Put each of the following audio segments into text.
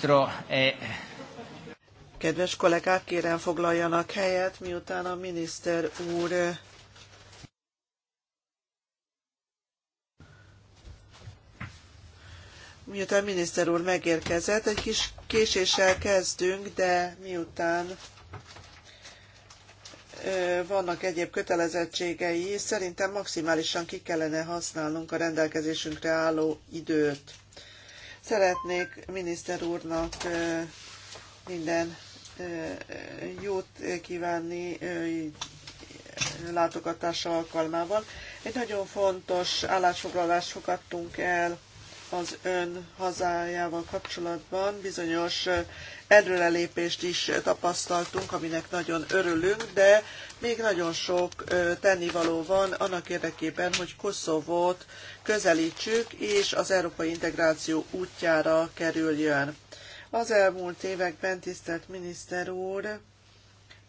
Ministro è... Eh, Kedves kollégák, kérem foglaljanak helyet, miután a miniszter úr eh, Miután miniszter úr megérkezett, egy kis késéssel kezdünk, de miután eh, vannak egyéb kötelezettségei, szerintem maximálisan ki kellene használnunk a rendelkezésünkre álló időt. Szeretnék miniszter úrnak minden jót kívánni látogatása alkalmával. Egy nagyon fontos állásfoglalást fogadtunk el az ön hazájával kapcsolatban bizonyos előrelépést is tapasztaltunk, aminek nagyon örülünk, de még nagyon sok tennivaló van annak érdekében, hogy Koszovót közelítsük, és az európai integráció útjára kerüljön. Az elmúlt években, tisztelt miniszter úr,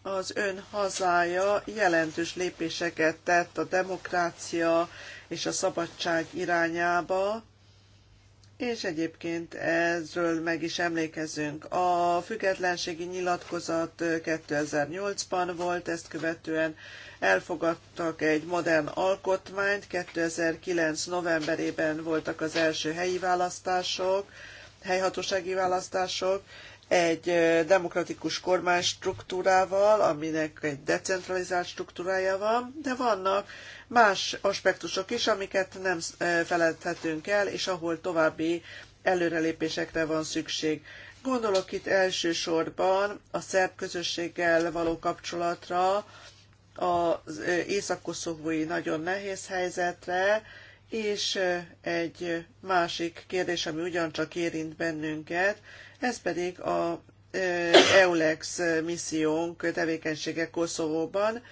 az ön hazája jelentős lépéseket tett a demokrácia és a szabadság irányába, és egyébként ezről meg is emlékezünk. A függetlenségi nyilatkozat 2008-ban volt, ezt követően elfogadtak egy modern alkotmányt, 2009. novemberében voltak az első helyi választások, helyhatósági választások, egy demokratikus kormány struktúrával, aminek egy decentralizált struktúrája van, de vannak más aspektusok is, amiket nem feledhetünk el, és ahol további előrelépésekre van szükség. Gondolok itt elsősorban a szerb közösséggel való kapcsolatra, az észak-koszovói nagyon nehéz helyzetre, és egy másik kérdés, ami ugyancsak érint bennünket, ez pedig a EULEX missziónk tevékenysége Koszovóban,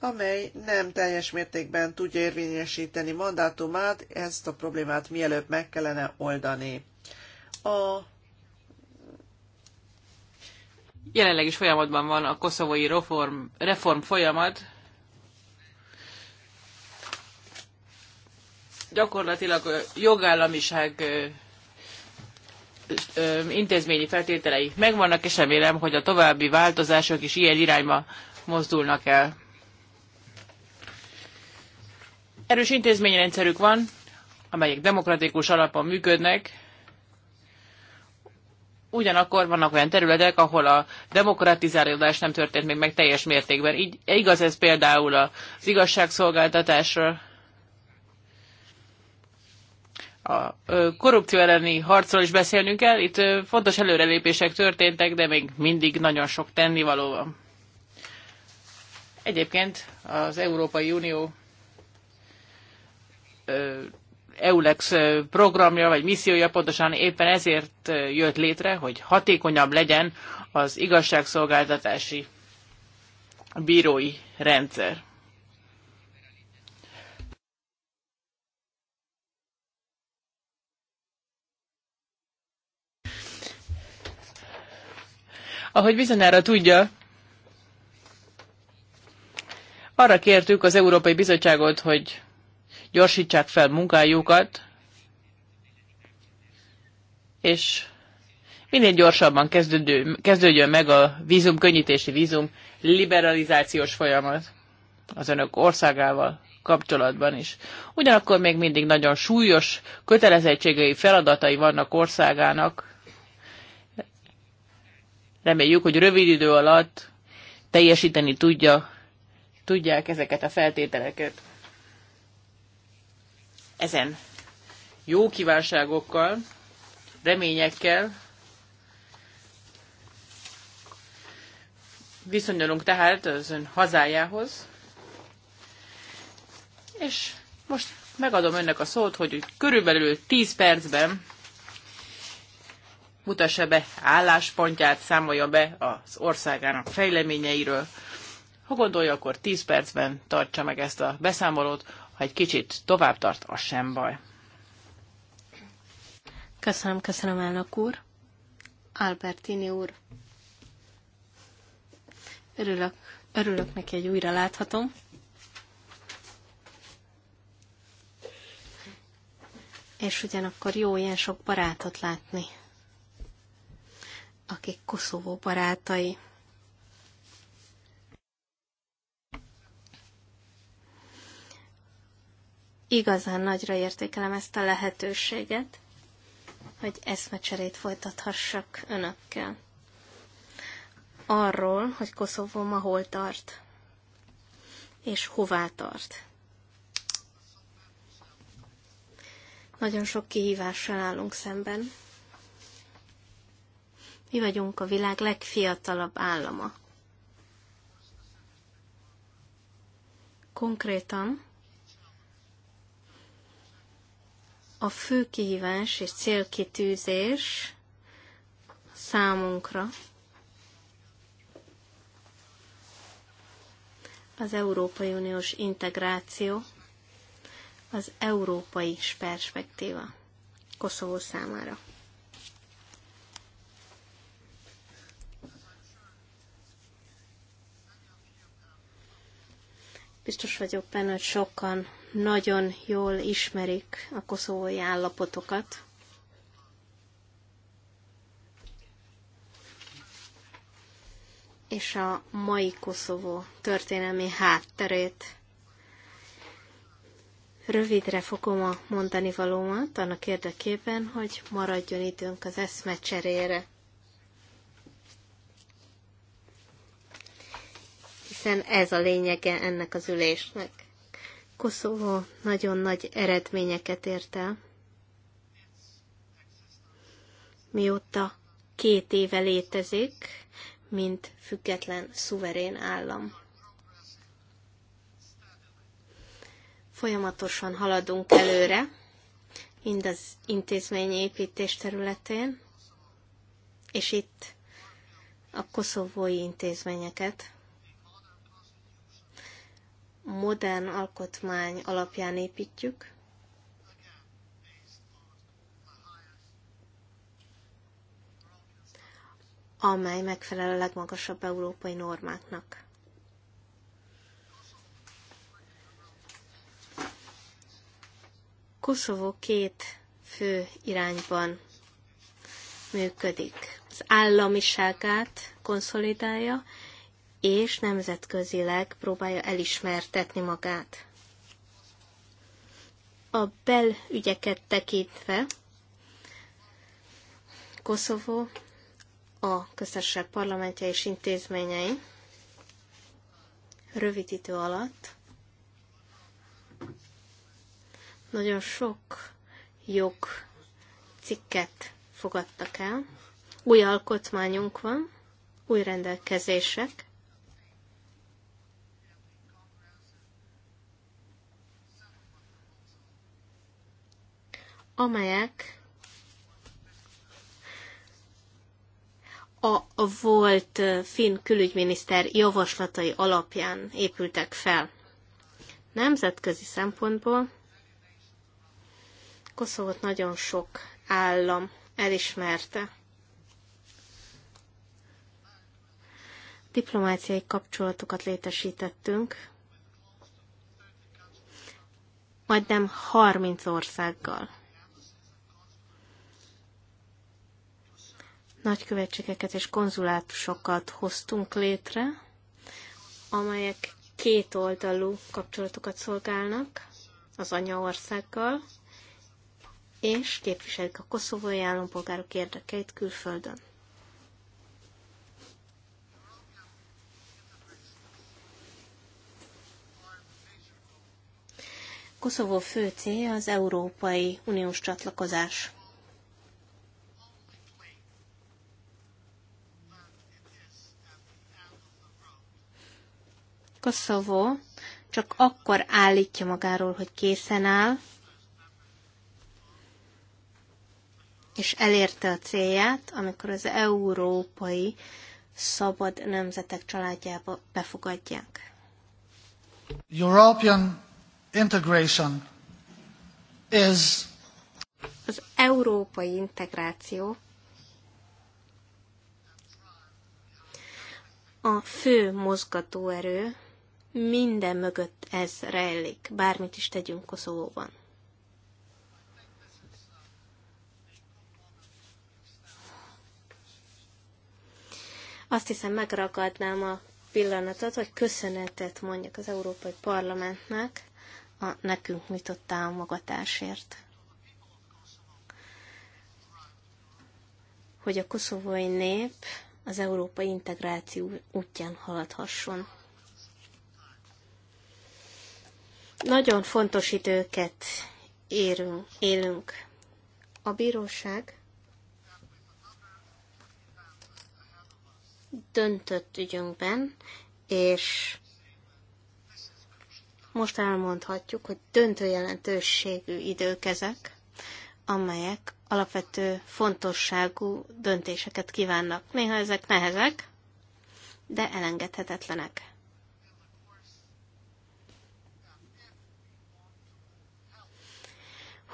amely nem teljes mértékben tudja érvényesíteni mandátumát, ezt a problémát mielőbb meg kellene oldani. A Jelenleg is folyamatban van a koszovói reform, reform folyamat. Gyakorlatilag jogállamiság intézményi feltételei megvannak, és remélem, hogy a további változások is ilyen irányba mozdulnak el. Erős intézményrendszerük van, amelyek demokratikus alapon működnek, ugyanakkor vannak olyan területek, ahol a demokratizálódás nem történt még meg teljes mértékben. Így igaz ez például az igazságszolgáltatásra, a korrupció elleni harcról is beszélnünk kell. Itt fontos előrelépések történtek, de még mindig nagyon sok tennivaló van. Egyébként az Európai Unió EULEX programja vagy missziója pontosan éppen ezért jött létre, hogy hatékonyabb legyen az igazságszolgáltatási bírói rendszer. Ahogy bizonyára tudja, arra kértük az Európai Bizottságot, hogy gyorsítsák fel munkájukat, és minél gyorsabban kezdődjön meg a vízum könnyítési vízum liberalizációs folyamat az önök országával kapcsolatban is. Ugyanakkor még mindig nagyon súlyos kötelezettségei feladatai vannak országának, Reméljük, hogy rövid idő alatt teljesíteni tudja, tudják ezeket a feltételeket. Ezen jó kívánságokkal, reményekkel viszonyulunk tehát az ön hazájához, és most megadom önnek a szót, hogy körülbelül 10 percben mutassa be álláspontját, számolja be az országának fejleményeiről. Ha gondolja, akkor 10 percben tartsa meg ezt a beszámolót, ha egy kicsit tovább tart, az sem baj. Köszönöm, köszönöm, elnök úr. Albertini úr. Örülök, örülök neki, hogy újra láthatom. És ugyanakkor jó ilyen sok barátot látni akik Koszovó barátai. Igazán nagyra értékelem ezt a lehetőséget, hogy eszmecserét folytathassak önökkel. Arról, hogy Koszovó ma hol tart, és hová tart. Nagyon sok kihívással állunk szemben, mi vagyunk a világ legfiatalabb állama. Konkrétan a fő kihívás és célkitűzés számunkra az Európai Uniós integráció, az európai perspektíva Koszovó számára. Biztos vagyok benne, hogy sokan nagyon jól ismerik a koszovói állapotokat. és a mai Koszovó történelmi hátterét. Rövidre fogom a mondani valómat annak érdekében, hogy maradjon időnk az eszmecserére. hiszen ez a lényege ennek az ülésnek. Koszovó nagyon nagy eredményeket ért el, mióta két éve létezik, mint független, szuverén állam. Folyamatosan haladunk előre, mind az intézményi építés területén, és itt a koszovói intézményeket modern alkotmány alapján építjük, amely megfelel a legmagasabb európai normáknak. Koszovó két fő irányban működik. Az államiságát konszolidálja, és nemzetközileg próbálja elismertetni magát. A belügyeket tekintve Koszovó a köztársaság parlamentje és intézményei rövid idő alatt nagyon sok jog cikket fogadtak el. Új alkotmányunk van, új rendelkezések, amelyek a volt finn külügyminiszter javaslatai alapján épültek fel. Nemzetközi szempontból Koszovót nagyon sok állam elismerte. Diplomáciai kapcsolatokat létesítettünk majdnem 30 országgal. nagykövetségeket és konzulátusokat hoztunk létre, amelyek kétoldalú kapcsolatokat szolgálnak az anyaországgal, és képviselik a koszovói állampolgárok érdekeit külföldön. Koszovó fő célja az Európai Uniós csatlakozás. Koszovó csak akkor állítja magáról, hogy készen áll, és elérte a célját, amikor az európai szabad nemzetek családjába befogadják. European integration is az európai integráció a fő mozgatóerő minden mögött ez rejlik, bármit is tegyünk Koszovóban. Azt hiszem megragadnám a pillanatot, hogy köszönetet mondjak az Európai Parlamentnek a nekünk nyitott támogatásért. Hogy a koszovói nép az európai integráció útján haladhasson. Nagyon fontos időket érünk, élünk. A bíróság döntött ügyünkben, és most elmondhatjuk, hogy döntő jelentőségű idők ezek, amelyek alapvető fontosságú döntéseket kívánnak. Néha ezek nehezek, de elengedhetetlenek.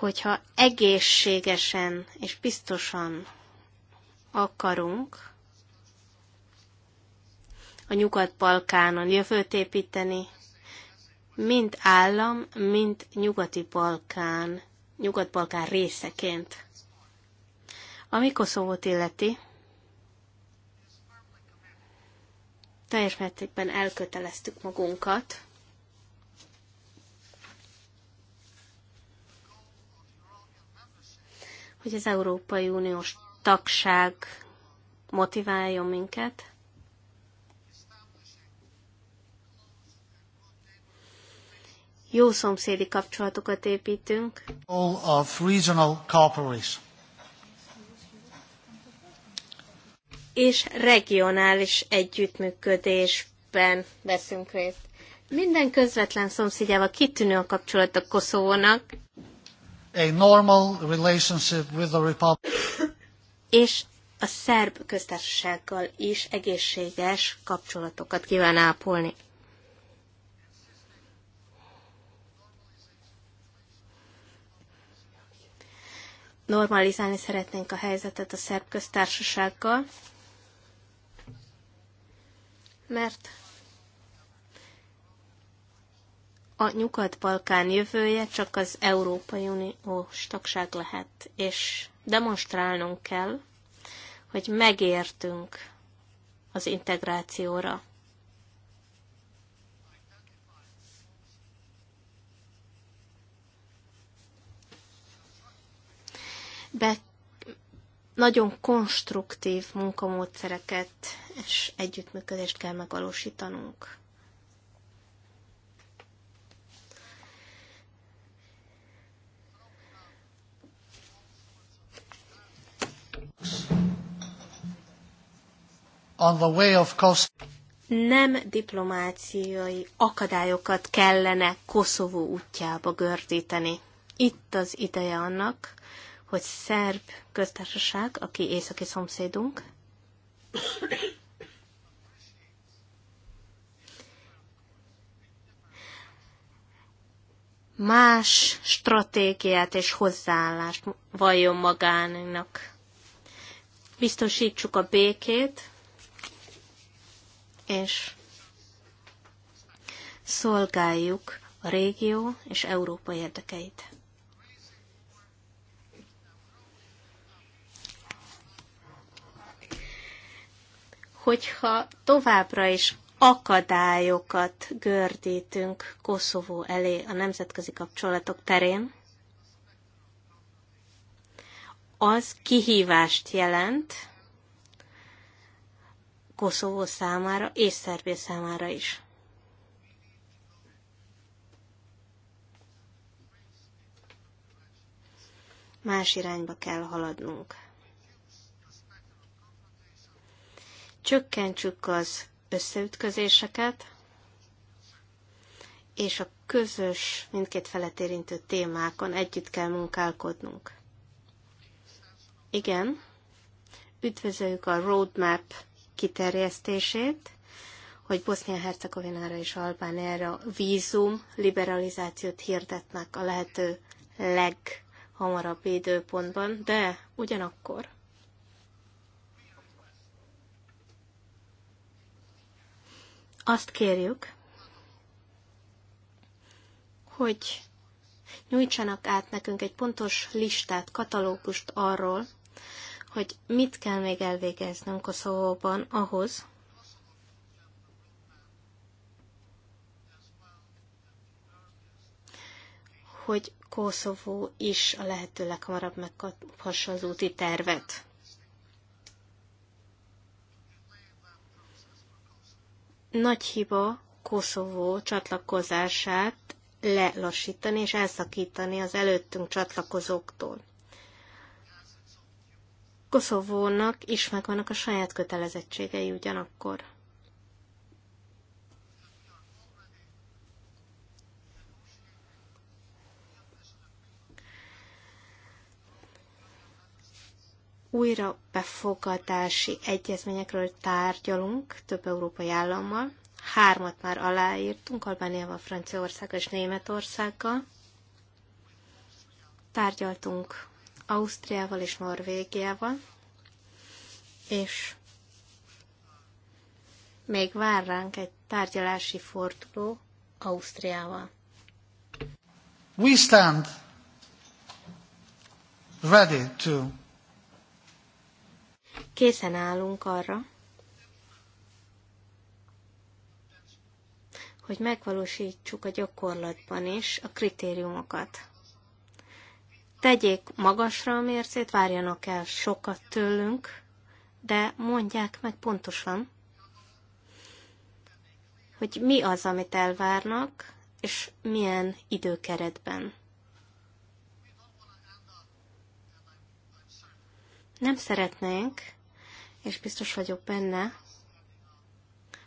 hogyha egészségesen és biztosan akarunk a Nyugat-Balkánon jövőt építeni, mint állam, mint nyugati Balkán, Nyugat-Balkán részeként. Ami Koszovót illeti, teljes mértékben elköteleztük magunkat hogy az Európai Uniós tagság motiváljon minket. Jó szomszédi kapcsolatokat építünk. All of regional cooperation. És regionális együttműködésben veszünk részt. Minden közvetlen szomszédjával kitűnő a kapcsolat a Koszovónak a normal relationship with the Republic. És a szerb köztársasággal is egészséges kapcsolatokat kíván ápolni. Normalizálni szeretnénk a helyzetet a szerb köztársasággal, mert a Nyugat-Balkán jövője csak az Európai Uniós tagság lehet, és demonstrálnunk kell, hogy megértünk az integrációra. Be nagyon konstruktív munkamódszereket és együttműködést kell megvalósítanunk. On the way of Nem diplomáciai akadályokat kellene Koszovó útjába gördíteni. Itt az ideje annak, hogy szerb köztársaság, aki északi szomszédunk, más stratégiát és hozzáállást valljon magának biztosítsuk a békét, és szolgáljuk a régió és Európa érdekeit. Hogyha továbbra is akadályokat gördítünk Koszovó elé a nemzetközi kapcsolatok terén, az kihívást jelent Koszovó számára és Szerbia számára is. Más irányba kell haladnunk. Csökkentsük az összeütközéseket, és a közös, mindkét felet érintő témákon együtt kell munkálkodnunk. Igen, üdvözöljük a roadmap kiterjesztését, hogy Bosznia-Hercegovinára és Albániára vízum liberalizációt hirdetnek a lehető leghamarabb időpontban, de ugyanakkor azt kérjük, hogy nyújtsanak át nekünk egy pontos listát, katalógust arról, hogy mit kell még elvégeznünk Koszovóban ahhoz, hogy Koszovó is a lehető leghamarabb megkaphassa az úti tervet. Nagy hiba Koszovó csatlakozását lelassítani és elszakítani az előttünk csatlakozóktól. Koszovónak is megvannak a saját kötelezettségei ugyanakkor. újra befogadási egyezményekről tárgyalunk több európai állammal. Hármat már aláírtunk, Albániával, Franciaországgal és Németországgal. Tárgyaltunk Ausztriával és Norvégiával, és még vár ránk egy tárgyalási forduló Ausztriával. We stand ready to. Készen állunk arra, hogy megvalósítsuk a gyakorlatban is a kritériumokat tegyék magasra a mércét, várjanak el sokat tőlünk, de mondják meg pontosan, hogy mi az, amit elvárnak, és milyen időkeretben. Nem szeretnénk, és biztos vagyok benne,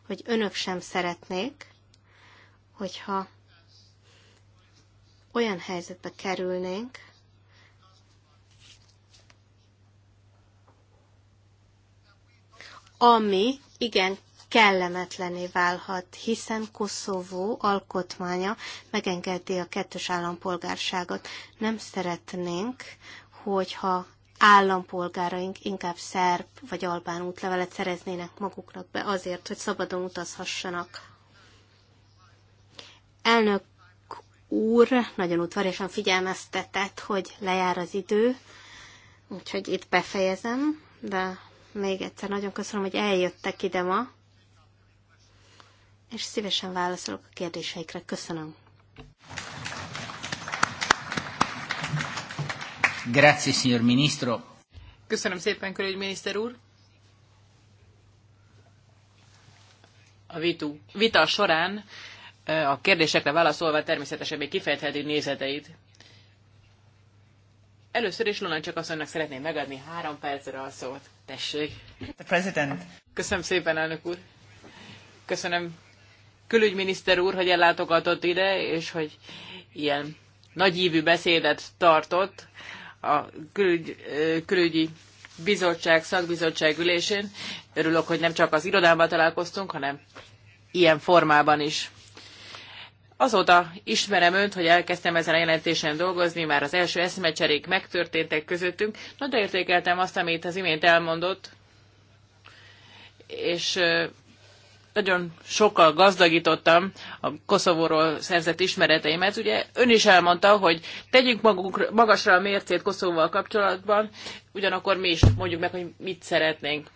hogy önök sem szeretnék, hogyha olyan helyzetbe kerülnénk, ami igen kellemetlené válhat, hiszen Koszovó alkotmánya megengedi a kettős állampolgárságot. Nem szeretnénk, hogyha állampolgáraink inkább szerb vagy albán útlevelet szereznének maguknak be azért, hogy szabadon utazhassanak. Elnök úr nagyon udvariasan figyelmeztetett, hogy lejár az idő, úgyhogy itt befejezem, de még egyszer nagyon köszönöm, hogy eljöttek ide ma, és szívesen válaszolok a kérdéseikre. Köszönöm. Grazie, signor ministro. Köszönöm szépen, miniszter úr. A vitu, vita során a kérdésekre válaszolva természetesen még kifejtheti nézeteit. Először is Lona csak asszonynak szeretném megadni három percre a szót. Tessék. The President. Köszönöm szépen, elnök úr. Köszönöm külügyminiszter úr, hogy ellátogatott ide, és hogy ilyen nagyívű beszédet tartott a külügy, külügyi bizottság, szakbizottság ülésén. Örülök, hogy nem csak az irodában találkoztunk, hanem ilyen formában is. Azóta ismerem önt, hogy elkezdtem ezen a jelentésen dolgozni, már az első eszmecserék megtörténtek közöttünk. Nagyon értékeltem azt, amit az imént elmondott, és nagyon sokkal gazdagítottam a Koszovóról szerzett ismereteimet. Ugye ön is elmondta, hogy tegyünk magunk, magasra a mércét Koszovóval kapcsolatban, ugyanakkor mi is mondjuk meg, hogy mit szeretnénk.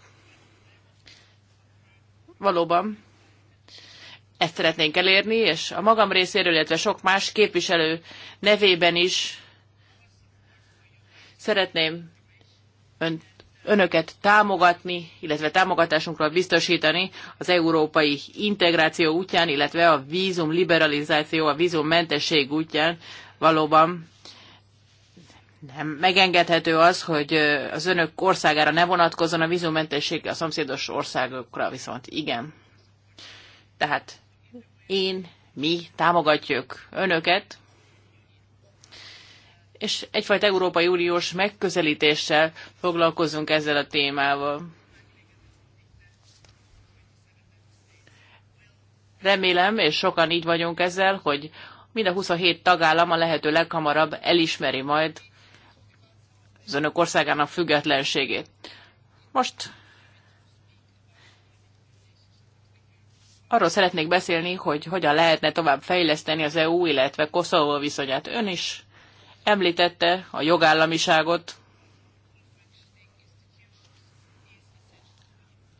Valóban ezt szeretnénk elérni, és a magam részéről, illetve sok más képviselő nevében is szeretném ön, önöket támogatni, illetve támogatásunkról biztosítani az európai integráció útján, illetve a vízum liberalizáció, a mentesség útján valóban nem megengedhető az, hogy az önök országára ne vonatkozzon a vízummentesség, a szomszédos országokra viszont igen. Tehát én, mi támogatjuk önöket, és egyfajta Európai Uniós megközelítéssel foglalkozunk ezzel a témával. Remélem, és sokan így vagyunk ezzel, hogy mind a 27 tagállam a lehető leghamarabb elismeri majd az önök országának függetlenségét. Most arról szeretnék beszélni, hogy hogyan lehetne tovább fejleszteni az EU, illetve Koszovó viszonyát. Ön is említette a jogállamiságot,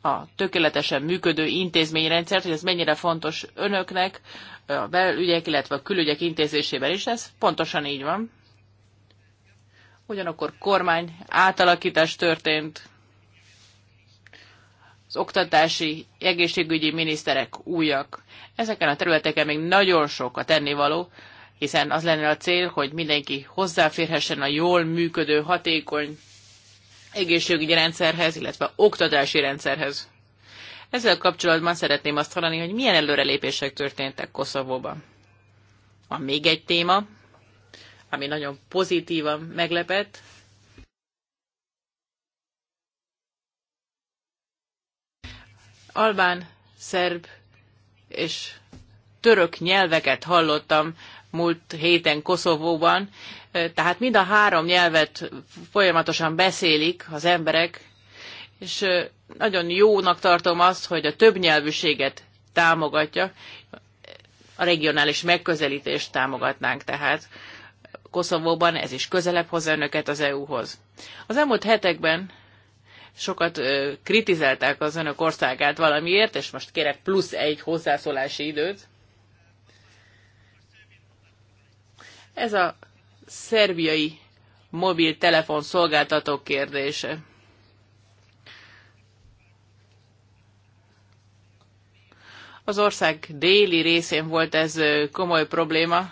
a tökéletesen működő intézményrendszert, hogy ez mennyire fontos önöknek, a belügyek, illetve a külügyek intézésében is, ez pontosan így van. Ugyanakkor kormány átalakítás történt, oktatási, egészségügyi miniszterek újak. Ezeken a területeken még nagyon sok a tennivaló, hiszen az lenne a cél, hogy mindenki hozzáférhessen a jól működő, hatékony egészségügyi rendszerhez, illetve oktatási rendszerhez. Ezzel kapcsolatban szeretném azt hallani, hogy milyen előrelépések történtek Koszovóban. Van még egy téma, ami nagyon pozitívan meglepett, albán, szerb és török nyelveket hallottam múlt héten Koszovóban, tehát mind a három nyelvet folyamatosan beszélik az emberek, és nagyon jónak tartom azt, hogy a többnyelvűséget támogatja, a regionális megközelítést támogatnánk tehát. Koszovóban ez is közelebb hoz önöket az EU-hoz. Az elmúlt hetekben sokat kritizálták az önök országát valamiért, és most kérek plusz egy hozzászólási időt. Ez a szerbiai mobiltelefon szolgáltatók kérdése. Az ország déli részén volt ez komoly probléma.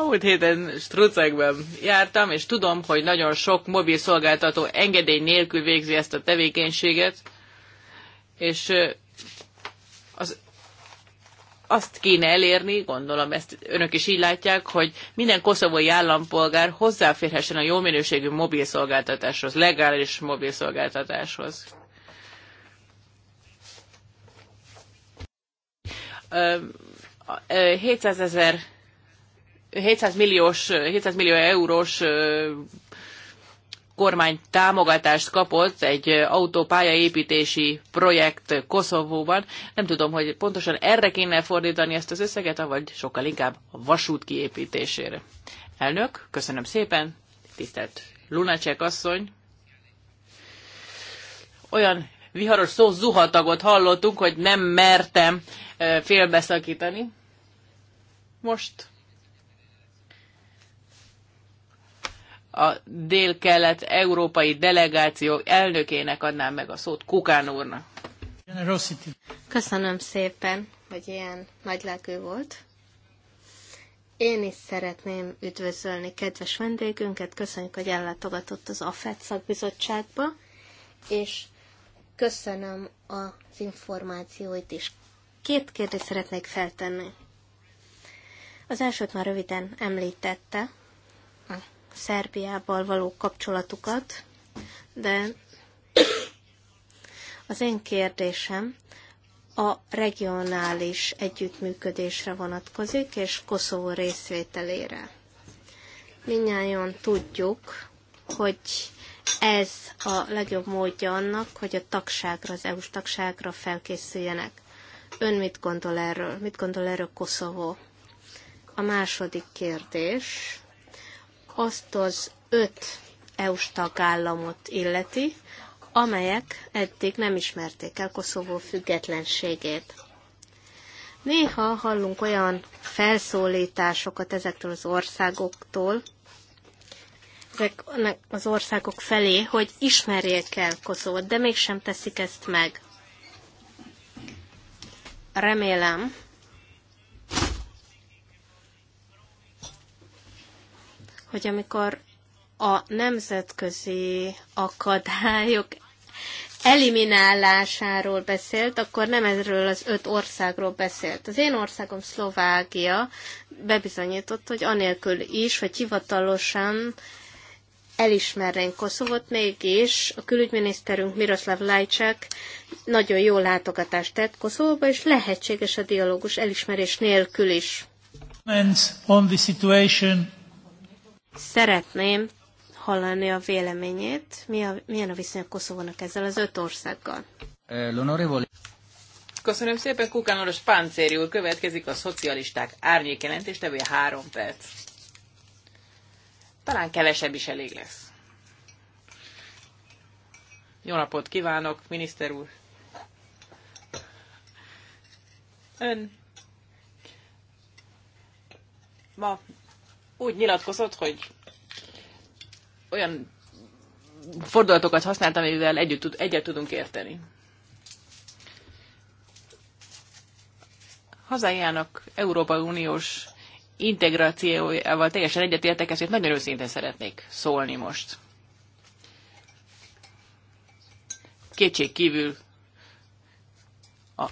A múlt héten Strucekben jártam, és tudom, hogy nagyon sok mobil szolgáltató engedély nélkül végzi ezt a tevékenységet, és az, azt kéne elérni, gondolom ezt önök is így látják, hogy minden koszovói állampolgár hozzáférhessen a jó minőségű mobil szolgáltatáshoz, legális mobil szolgáltatáshoz. Ö, 700 ezer 700, milliós, 700 millió eurós kormány támogatást kapott egy autópályaépítési projekt Koszovóban. Nem tudom, hogy pontosan erre kéne fordítani ezt az összeget, vagy sokkal inkább a vasút kiépítésére. Elnök, köszönöm szépen, tisztelt Lunacek asszony. Olyan viharos szó zuhatagot hallottunk, hogy nem mertem félbeszakítani. Most a dél-kelet-európai delegáció elnökének adnám meg a szót Kukán úrnak. Köszönöm szépen, hogy ilyen nagylelkű volt. Én is szeretném üdvözölni kedves vendégünket, köszönjük, hogy ellátogatott az AFET szakbizottságba, és köszönöm az információit is. Két kérdést szeretnék feltenni. Az elsőt már röviden említette, Szerbiával való kapcsolatukat, de az én kérdésem a regionális együttműködésre vonatkozik, és Koszovó részvételére. Minnyáján tudjuk, hogy ez a legjobb módja annak, hogy a tagságra, az EU-s tagságra felkészüljenek. Ön mit gondol erről? Mit gondol erről Koszovó? A második kérdés azt az öt EU-s tagállamot illeti, amelyek eddig nem ismerték el Koszovó függetlenségét. Néha hallunk olyan felszólításokat ezektől az országoktól, ezeknek az országok felé, hogy ismerjék el Koszovót, de mégsem teszik ezt meg. Remélem, hogy amikor a nemzetközi akadályok eliminálásáról beszélt, akkor nem erről az öt országról beszélt. Az én országom Szlovákia bebizonyított, hogy anélkül is, hogy hivatalosan elismernénk Koszovot, mégis a külügyminiszterünk Miroslav Lajcsák nagyon jó látogatást tett Koszovóba, és lehetséges a dialógus elismerés nélkül is. On the situation Szeretném hallani a véleményét. Mi a, milyen a viszony a Koszovónak ezzel az öt országgal? Eh, Köszönöm szépen, Kukán Oros Páncéri úr. Következik a szocialisták árnyékjelentés, tevője három perc. Talán kevesebb is elég lesz. Jó napot kívánok, miniszter úr! Ön ma úgy nyilatkozott, hogy olyan fordulatokat használt, amivel együtt, tud egyet tudunk érteni. Hazájának Európai Uniós integrációjával teljesen egyetértek, ezért nagyon őszintén szeretnék szólni most. Kétség kívül a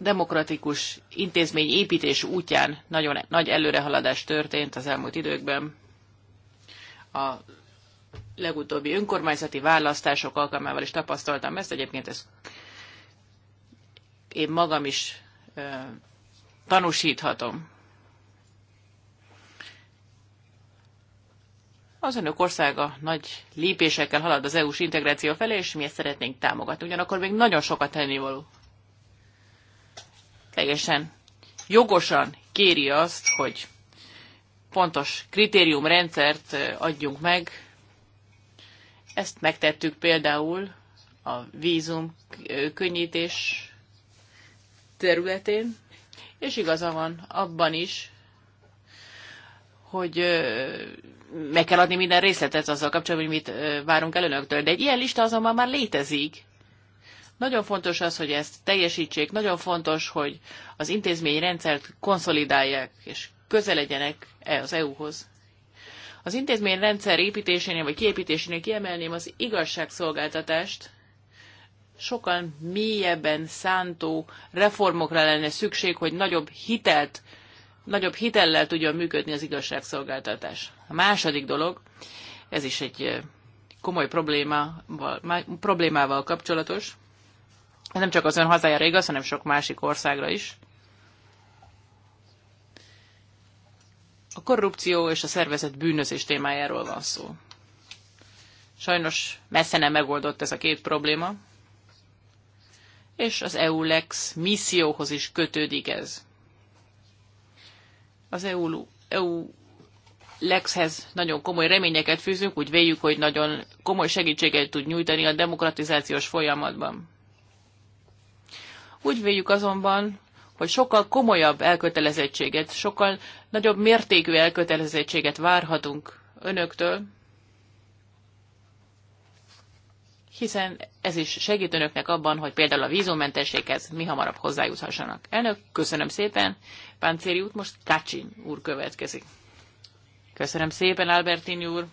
demokratikus intézmény építés útján nagyon nagy előrehaladás történt az elmúlt időkben. A legutóbbi önkormányzati választások alkalmával is tapasztaltam ezt. Egyébként ez én magam is ö, tanúsíthatom. Az önök országa nagy lépésekkel halad az EU-s integráció felé, és mi ezt szeretnénk támogatni. Ugyanakkor még nagyon sokat tennivaló teljesen jogosan kéri azt, hogy pontos kritériumrendszert adjunk meg. Ezt megtettük például a vízum könnyítés területén, és igaza van abban is, hogy meg kell adni minden részletet azzal kapcsolatban, hogy mit várunk el önöktől. De egy ilyen lista azonban már létezik, nagyon fontos az, hogy ezt teljesítsék, nagyon fontos, hogy az intézményrendszert konszolidálják, és közel legyenek -e az EU-hoz. Az intézményrendszer építésénél vagy kiépítésénél kiemelném az igazságszolgáltatást, sokan mélyebben szántó reformokra lenne szükség, hogy nagyobb hitelt, nagyobb hitellel tudjon működni az igazságszolgáltatás. A második dolog, ez is egy eh, komoly problémával, problémával kapcsolatos, ez nem csak az ön hazájára igaz, hanem sok másik országra is. A korrupció és a szervezet bűnözés témájáról van szó. Sajnos messze nem megoldott ez a két probléma, és az EULEX misszióhoz is kötődik ez. Az EU, EU Lexhez nagyon komoly reményeket fűzünk, úgy véljük, hogy nagyon komoly segítséget tud nyújtani a demokratizációs folyamatban. Úgy véljük azonban, hogy sokkal komolyabb elkötelezettséget, sokkal nagyobb mértékű elkötelezettséget várhatunk önöktől, hiszen ez is segít önöknek abban, hogy például a vízumentességhez mi hamarabb hozzájuthassanak. Elnök, köszönöm szépen. Páncéri út most Kacsin úr következik. Köszönöm szépen, Albertini úr.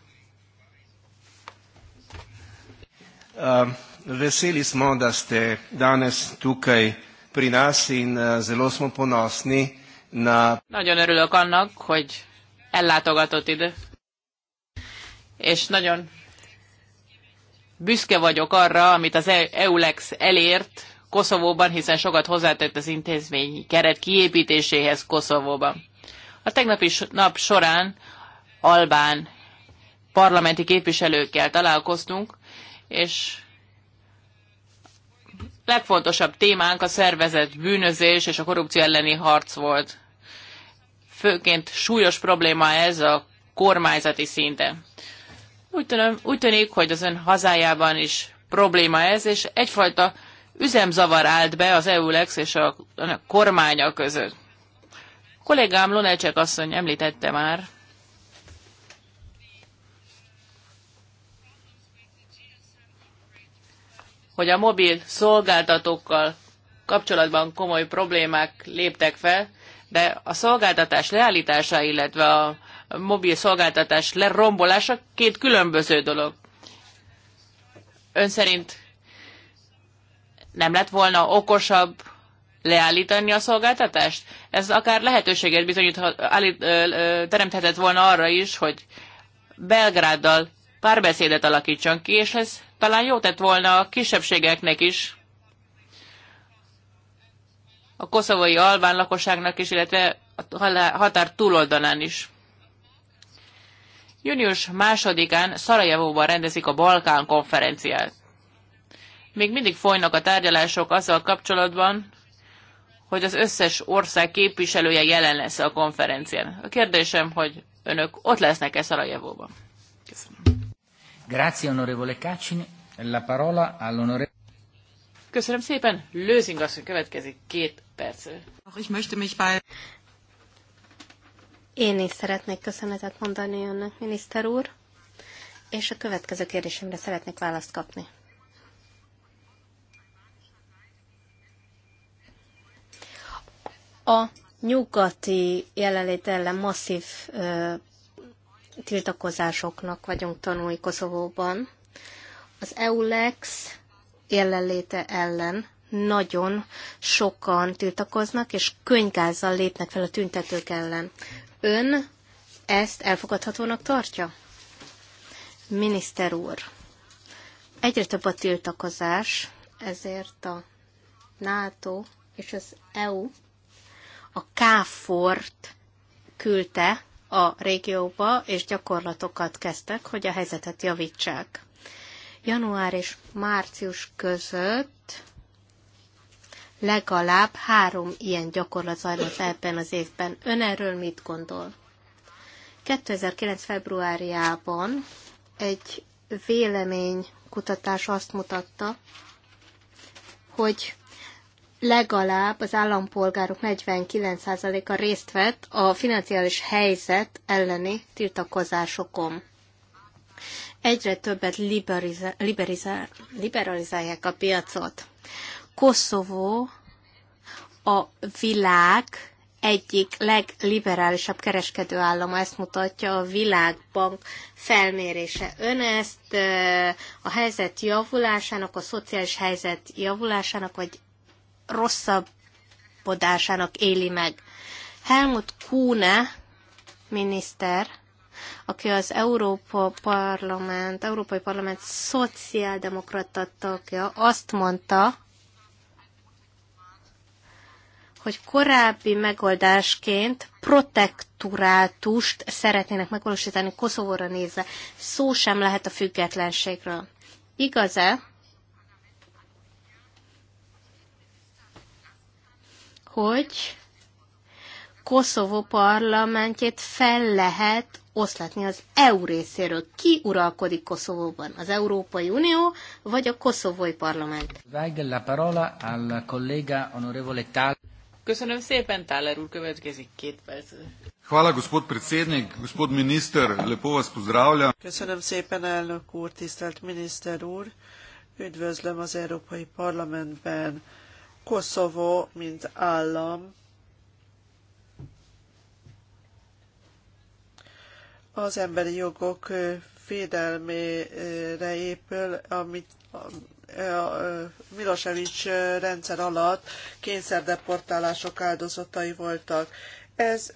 Um, veseli smo, da ste danes tukaj pri nas in uh, zelo smo ponosni na... Nagyon örülök annak, hogy ellátogatott ide. És nagyon büszke vagyok arra, amit az e- EULEX elért Koszovóban, hiszen sokat hozzátett az intézmény keret kiépítéséhez Koszovóban. A tegnapi nap során Albán parlamenti képviselőkkel találkoztunk, és legfontosabb témánk a szervezett bűnözés és a korrupció elleni harc volt. Főként súlyos probléma ez a kormányzati szinten. Úgy, tűnöm, úgy tűnik, hogy az ön hazájában is probléma ez, és egyfajta üzemzavar állt be az EULEX és a, a kormánya között. A kollégám Lonelcsek asszony említette már, hogy a mobil szolgáltatókkal kapcsolatban komoly problémák léptek fel, de a szolgáltatás leállítása, illetve a mobil szolgáltatás lerombolása két különböző dolog. Ön szerint nem lett volna okosabb leállítani a szolgáltatást? Ez akár lehetőséget bizonyíthat, teremthetett volna arra is, hogy Belgráddal párbeszédet alakítson ki, és ez talán jó tett volna a kisebbségeknek is, a koszovói albán lakosságnak is, illetve a határ túloldalán is. Június másodikán Szarajevóban rendezik a Balkán konferenciát. Még mindig folynak a tárgyalások azzal kapcsolatban, hogy az összes ország képviselője jelen lesz a konferencián. A kérdésem, hogy önök ott lesznek-e Szarajevóban? Köszönöm. Grazie, onorevole La parola all'onorevole... Köszönöm szépen. Lőzing asszony következik két perc. Én is szeretnék köszönetet mondani önnek, miniszter úr, és a következő kérdésemre szeretnék választ kapni. A nyugati jelenlét ellen masszív ö, tiltakozásoknak vagyunk tanulni Koszovóban. Az EULEX jelenléte ellen nagyon sokan tiltakoznak, és könygázzal lépnek fel a tüntetők ellen. Ön ezt elfogadhatónak tartja? Miniszter úr, egyre több a tiltakozás, ezért a NATO és az EU a KFOR-t küldte a régióba, és gyakorlatokat kezdtek, hogy a helyzetet javítsák. Január és március között legalább három ilyen gyakorlat zajlott ebben az évben. Ön erről mit gondol? 2009. februárjában egy véleménykutatás azt mutatta, hogy legalább az állampolgárok 49%-a részt vett a financiális helyzet elleni tiltakozásokon. Egyre többet liberalizálják a piacot. Koszovó a világ egyik legliberálisabb kereskedő állama, ezt mutatja a Világbank felmérése. Ön ezt a helyzet javulásának, a szociális helyzet javulásának, vagy rosszabbodásának éli meg. Helmut Kuhne miniszter, aki az Európa Parlament, Európai Parlament szociáldemokrata tagja, azt mondta, hogy korábbi megoldásként protekturátust szeretnének megvalósítani Koszovóra nézve. Szó sem lehet a függetlenségről. Igaz-e, hogy Koszovó parlamentjét fel lehet oszlatni az EU részéről. Ki uralkodik Koszovóban? Az Európai Unió vagy a koszovói parlament? parola Tal. Köszönöm szépen, Táler úr, következik két perc. Hvala, gospod predsednik, gospod minister, lepo vas pozdravljam. Köszönöm szépen, elnök úr, tisztelt miniszter úr. Üdvözlöm az Európai Parlamentben. Koszovó, mint állam, az emberi jogok védelmére épül, amit Milosevic rendszer alatt kényszerdeportálások áldozatai voltak. Ez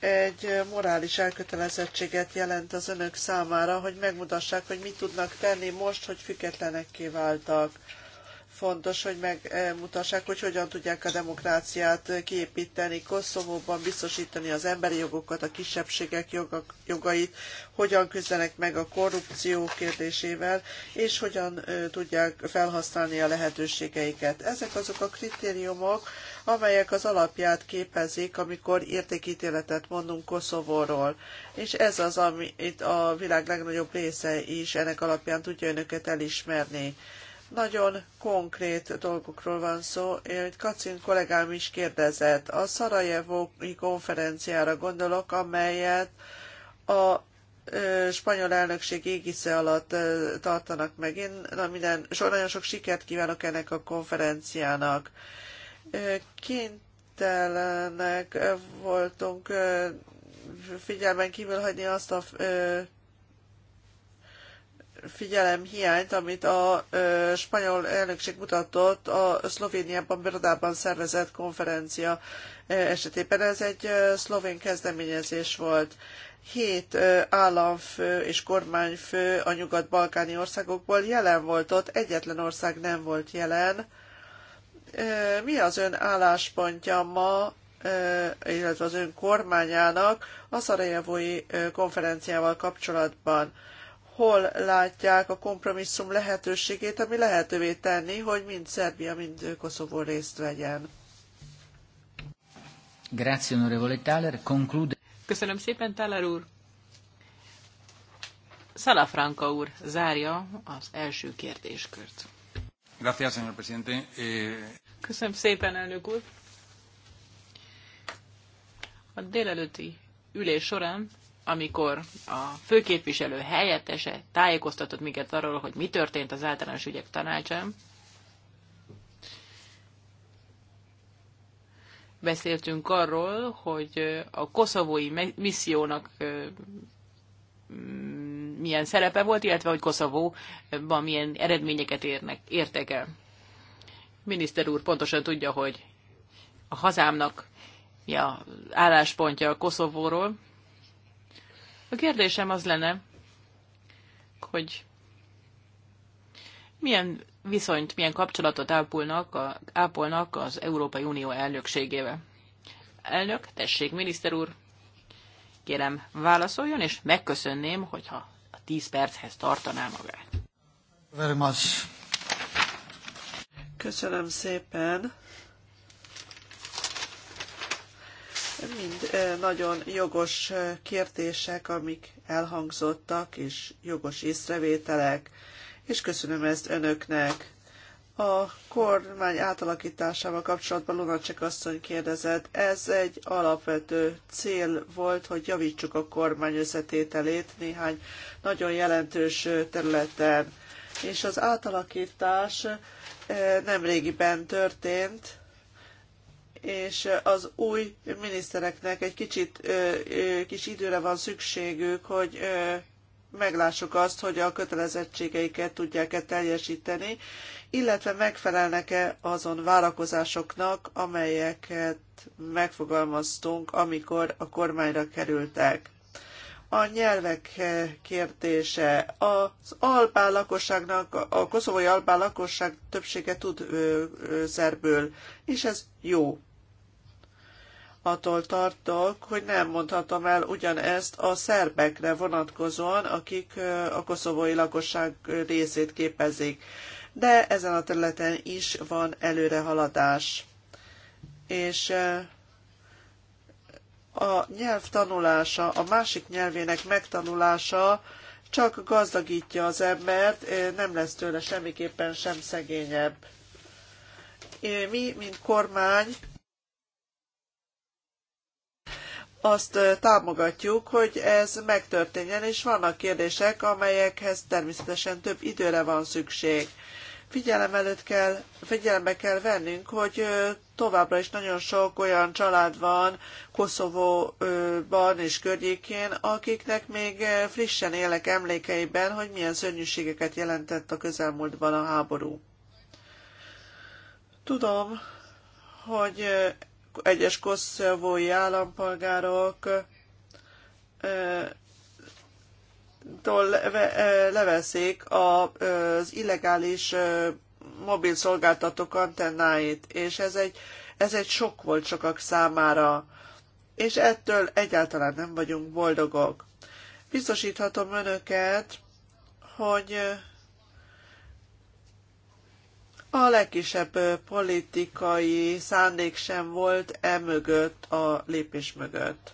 egy morális elkötelezettséget jelent az önök számára, hogy megmutassák, hogy mit tudnak tenni most, hogy függetlenekké váltak fontos, hogy megmutassák, hogy hogyan tudják a demokráciát kiépíteni, Koszovóban biztosítani az emberi jogokat, a kisebbségek jogait, hogyan küzdenek meg a korrupció kérdésével, és hogyan tudják felhasználni a lehetőségeiket. Ezek azok a kritériumok, amelyek az alapját képezik, amikor értékítéletet mondunk Koszovóról. És ez az, amit a világ legnagyobb része is ennek alapján tudja önöket elismerni. Nagyon konkrét dolgokról van szó, hogy Kacin kollégám is kérdezett. A Szarajevói konferenciára gondolok, amelyet a spanyol elnökség égisze alatt tartanak meg. Én na minden, so, nagyon sok sikert kívánok ennek a konferenciának. Kénytelenek voltunk figyelmen kívül hagyni azt a figyelem hiányt, amit a ö, spanyol elnökség mutatott a Szlovéniában, Brodában szervezett konferencia ö, esetében. Ez egy ö, szlovén kezdeményezés volt. Hét ö, államfő és kormányfő a nyugat-balkáni országokból jelen volt ott, egyetlen ország nem volt jelen. Ö, mi az ön álláspontja ma illetve az ön kormányának a szarajevói konferenciával kapcsolatban hol látják a kompromisszum lehetőségét, ami lehetővé tenni, hogy mind Szerbia, mind Koszovó részt vegyen. Grazie, onorevole Thaler. Conclude. Köszönöm szépen, Taler úr. Salafranca úr zárja az első kérdéskört. Gracias, señor presidente. Eh, Köszönöm szépen, elnök úr. A délelőtti ülés során amikor a főképviselő helyettese tájékoztatott minket arról, hogy mi történt az általános ügyek tanácsán, beszéltünk arról, hogy a koszovói missziónak milyen szerepe volt, illetve hogy Koszovóban milyen eredményeket érnek, értek el. Miniszter úr pontosan tudja, hogy a hazámnak mi a álláspontja a Koszovóról, a kérdésem az lenne, hogy milyen viszonyt, milyen kapcsolatot ápolnak, a, ápolnak az Európai Unió elnökségével. Elnök, tessék, miniszter úr, kérem válaszoljon, és megköszönném, hogyha a 10 perchez tartaná magát. Very much. Köszönöm szépen. mind nagyon jogos kérdések, amik elhangzottak, és jogos észrevételek, és köszönöm ezt önöknek. A kormány átalakításával kapcsolatban Lunacek asszony kérdezett, ez egy alapvető cél volt, hogy javítsuk a kormány összetételét néhány nagyon jelentős területen. És az átalakítás nemrégiben történt, és az új minisztereknek egy kicsit kis időre van szükségük, hogy meglássuk azt, hogy a kötelezettségeiket tudják-e teljesíteni, illetve megfelelnek-e azon várakozásoknak, amelyeket megfogalmaztunk, amikor a kormányra kerültek. A nyelvek kérdése. Az albán lakosságnak, a koszovói albán lakosság többsége tud ö, ö, szerbül, és ez jó attól tartok, hogy nem mondhatom el ugyanezt a szerbekre vonatkozóan, akik a koszovói lakosság részét képezik. De ezen a területen is van előrehaladás. És a nyelv tanulása, a másik nyelvének megtanulása csak gazdagítja az embert, nem lesz tőle semmiképpen sem szegényebb. Mi, mint kormány, azt támogatjuk, hogy ez megtörténjen, és vannak kérdések, amelyekhez természetesen több időre van szükség. Figyelem előtt kell, figyelembe kell vennünk, hogy továbbra is nagyon sok olyan család van Koszovóban és környékén, akiknek még frissen élek emlékeiben, hogy milyen szörnyűségeket jelentett a közelmúltban a háború. Tudom, hogy egyes koszovói állampolgárok tól leveszik az illegális mobil szolgáltatók antennáit, és ez egy, ez egy sok volt sokak számára, és ettől egyáltalán nem vagyunk boldogok. Biztosíthatom önöket, hogy a legkisebb politikai szándék sem volt e mögött, a lépés mögött.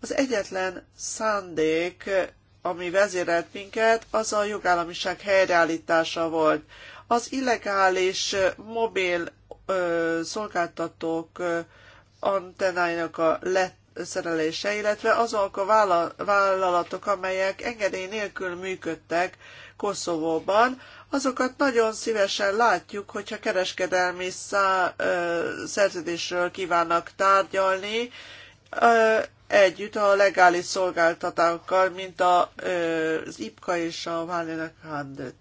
Az egyetlen szándék, ami vezérelt minket, az a jogállamiság helyreállítása volt. Az illegális mobil ö, szolgáltatók ö, antennáinak a lett szerelése, illetve azok a vállalatok, amelyek engedély nélkül működtek Koszovóban, azokat nagyon szívesen látjuk, hogyha kereskedelmi szá, ö, szerződésről kívánnak tárgyalni, ö, együtt a legális szolgáltatókkal, mint a, ö, az IPKA és a Válinak Handet.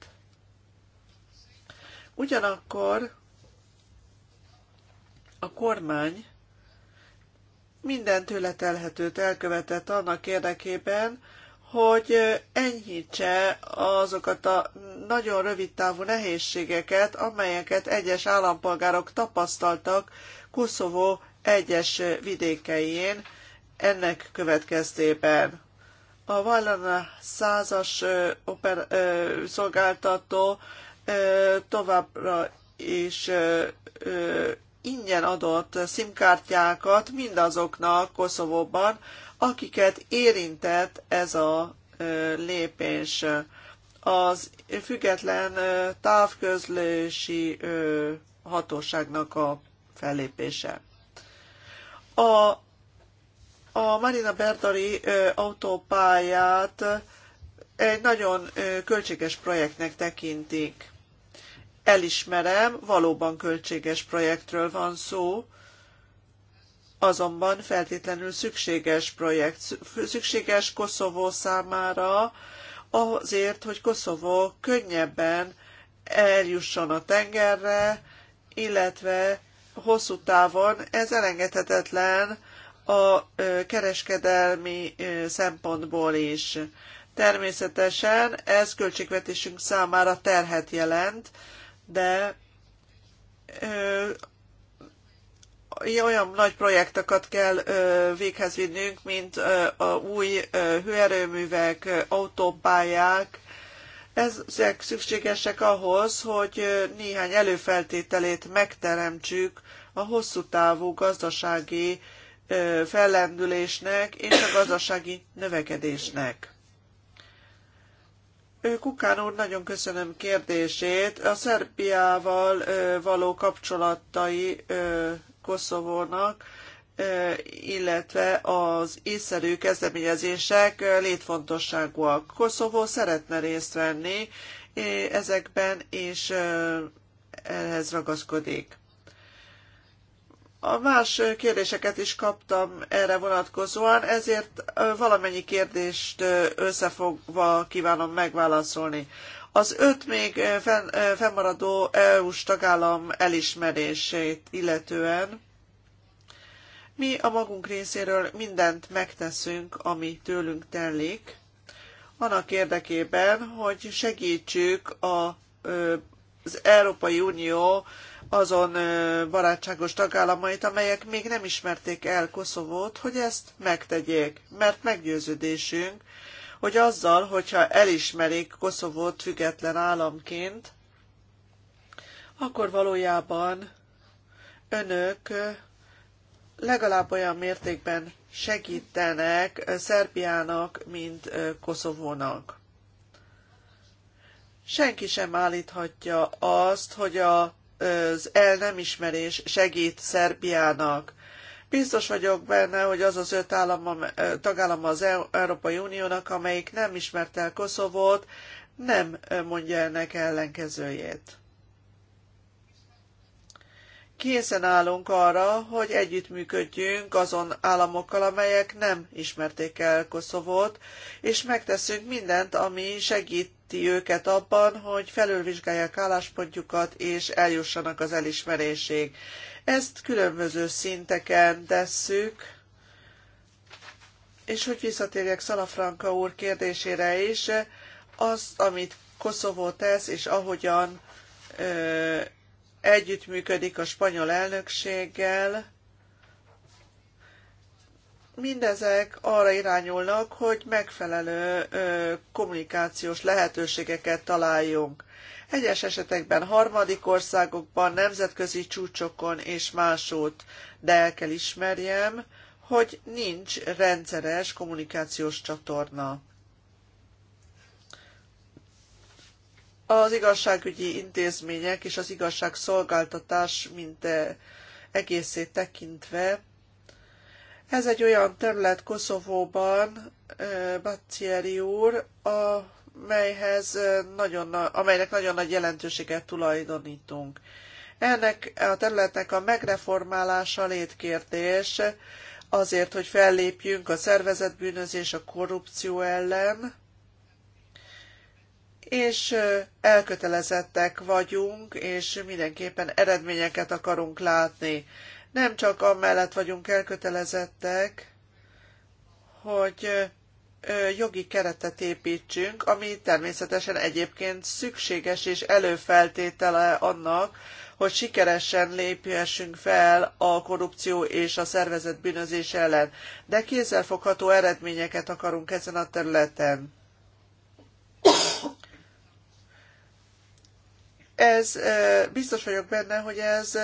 Ugyanakkor a kormány minden tőle telhetőt elkövetett annak érdekében, hogy enyhítse azokat a nagyon rövid távú nehézségeket, amelyeket egyes állampolgárok tapasztaltak Koszovó egyes vidékein ennek következtében. A Vallana százas oper, ö, szolgáltató ö, továbbra is ö, ö, ingyen adott szimkártyákat mindazoknak Koszovóban, akiket érintett ez a lépés. Az független távközlési hatóságnak a fellépése. A, a Marina Bertari autópályát egy nagyon költséges projektnek tekintik Elismerem, valóban költséges projektről van szó, azonban feltétlenül szükséges projekt. Szükséges Koszovó számára azért, hogy Koszovó könnyebben eljusson a tengerre, illetve hosszú távon ez elengedhetetlen a kereskedelmi szempontból is. Természetesen ez költségvetésünk számára terhet jelent, de olyan nagy projektokat kell ö, véghez vinnünk, mint ö, a új ö, hőerőművek, autópályák. Ezek szükségesek ahhoz, hogy néhány előfeltételét megteremtsük a hosszú távú gazdasági ö, fellendülésnek és a gazdasági növekedésnek. Kukán úr, nagyon köszönöm kérdését. A Szerbiával való kapcsolatai Koszovónak, illetve az észszerű kezdeményezések létfontosságúak. Koszovó szeretne részt venni ezekben, és ehhez ragaszkodik. A más kérdéseket is kaptam erre vonatkozóan, ezért valamennyi kérdést összefogva kívánom megválaszolni. Az öt még fenn, fennmaradó EU-s tagállam elismerését illetően mi a magunk részéről mindent megteszünk, ami tőlünk telik, annak érdekében, hogy segítsük a, az Európai Unió azon barátságos tagállamait, amelyek még nem ismerték el Koszovót, hogy ezt megtegyék, mert meggyőződésünk, hogy azzal, hogyha elismerik Koszovót független államként, akkor valójában önök legalább olyan mértékben segítenek Szerbiának, mint Koszovónak. Senki sem állíthatja azt, hogy a az el nem ismerés segít Szerbiának. Biztos vagyok benne, hogy az az öt állama, tagállama az e- Európai Uniónak, amelyik nem ismerte el Koszovót, nem mondja ennek ellenkezőjét készen állunk arra, hogy együttműködjünk azon államokkal, amelyek nem ismerték el Koszovót, és megteszünk mindent, ami segíti őket abban, hogy felülvizsgálják álláspontjukat és eljussanak az elismerésig. Ezt különböző szinteken tesszük, és hogy visszatérjek Szalafranka úr kérdésére is, az, amit Koszovó tesz, és ahogyan ö, együttműködik a spanyol elnökséggel. Mindezek arra irányulnak, hogy megfelelő kommunikációs lehetőségeket találjunk. Egyes esetekben harmadik országokban, nemzetközi csúcsokon és másút, de el kell ismerjem, hogy nincs rendszeres kommunikációs csatorna. az igazságügyi intézmények és az igazságszolgáltatás mint eh, egészét tekintve. Ez egy olyan terület Koszovóban, eh, Battieri úr, amelyhez eh, nagyon, amelynek nagyon nagy jelentőséget tulajdonítunk. Ennek a területnek a megreformálása létkérdés azért, hogy fellépjünk a szervezett bűnözés, a korrupció ellen, és elkötelezettek vagyunk, és mindenképpen eredményeket akarunk látni. Nem csak amellett vagyunk elkötelezettek, hogy jogi keretet építsünk, ami természetesen egyébként szükséges és előfeltétele annak, hogy sikeresen lépjessünk fel a korrupció és a szervezet bűnözés ellen. De kézzelfogható eredményeket akarunk ezen a területen. Ez biztos vagyok benne, hogy ez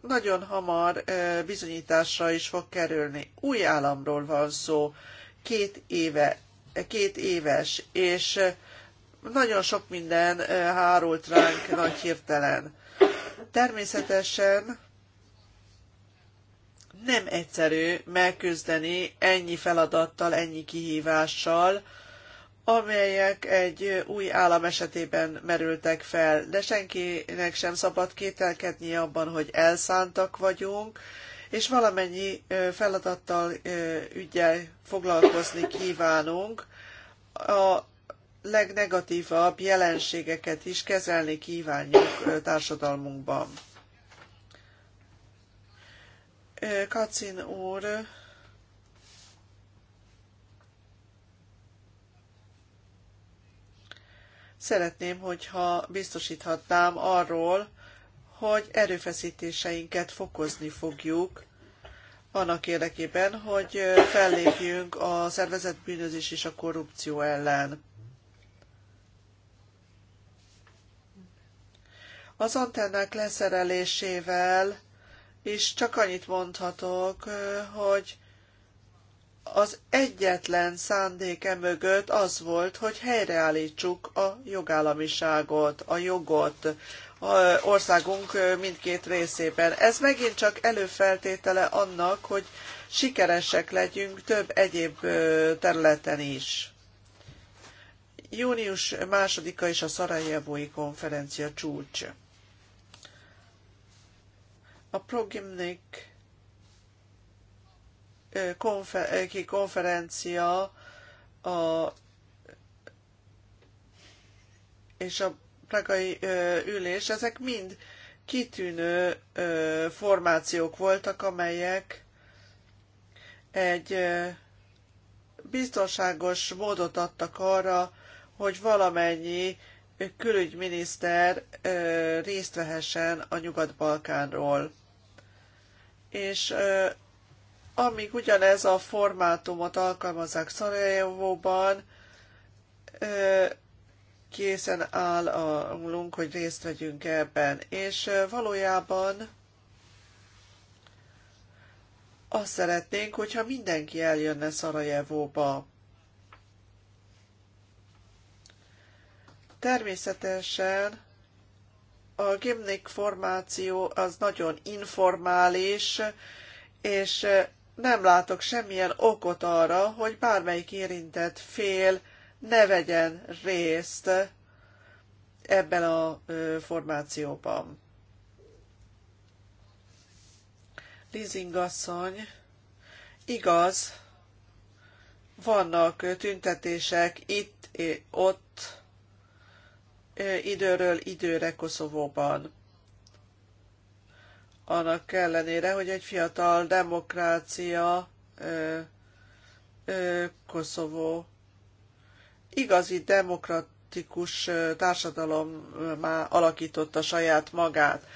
nagyon hamar bizonyításra is fog kerülni. Új államról van szó, két, éve, két éves, és nagyon sok minden hárult ránk nagy hirtelen. Természetesen nem egyszerű megküzdeni ennyi feladattal, ennyi kihívással, amelyek egy új állam esetében merültek fel, de senkinek sem szabad kételkedni abban, hogy elszántak vagyunk, és valamennyi feladattal, ügyel foglalkozni kívánunk, a legnegatívabb jelenségeket is kezelni kívánjuk társadalmunkban. Kacin úr Szeretném, hogyha biztosíthatnám arról, hogy erőfeszítéseinket fokozni fogjuk annak érdekében, hogy fellépjünk a szervezett bűnözés és a korrupció ellen. Az antennák leszerelésével is csak annyit mondhatok, hogy az egyetlen szándéke mögött az volt, hogy helyreállítsuk a jogállamiságot, a jogot a országunk mindkét részében. Ez megint csak előfeltétele annak, hogy sikeresek legyünk több egyéb területen is. Június másodika is a Szarajevói konferencia csúcs. A progimnik konfer- eh, konferencia a, és a pragai ülés, ezek mind kitűnő formációk voltak, amelyek egy biztonságos módot adtak arra, hogy valamennyi külügyminiszter részt vehessen a Nyugat-Balkánról. És amíg ugyanez a formátumot alkalmazzák Szarajevóban, készen áll állunk, hogy részt vegyünk ebben. És valójában azt szeretnénk, hogyha mindenki eljönne Szarajevóba. Természetesen a gimnik formáció az nagyon informális, és nem látok semmilyen okot arra, hogy bármelyik érintett fél ne vegyen részt ebben a formációban. Lizingasszony, igaz, vannak tüntetések itt, ott, időről időre Koszovóban annak ellenére, hogy egy fiatal demokrácia ö, ö, Koszovó igazi demokratikus társadalom már alakította saját magát.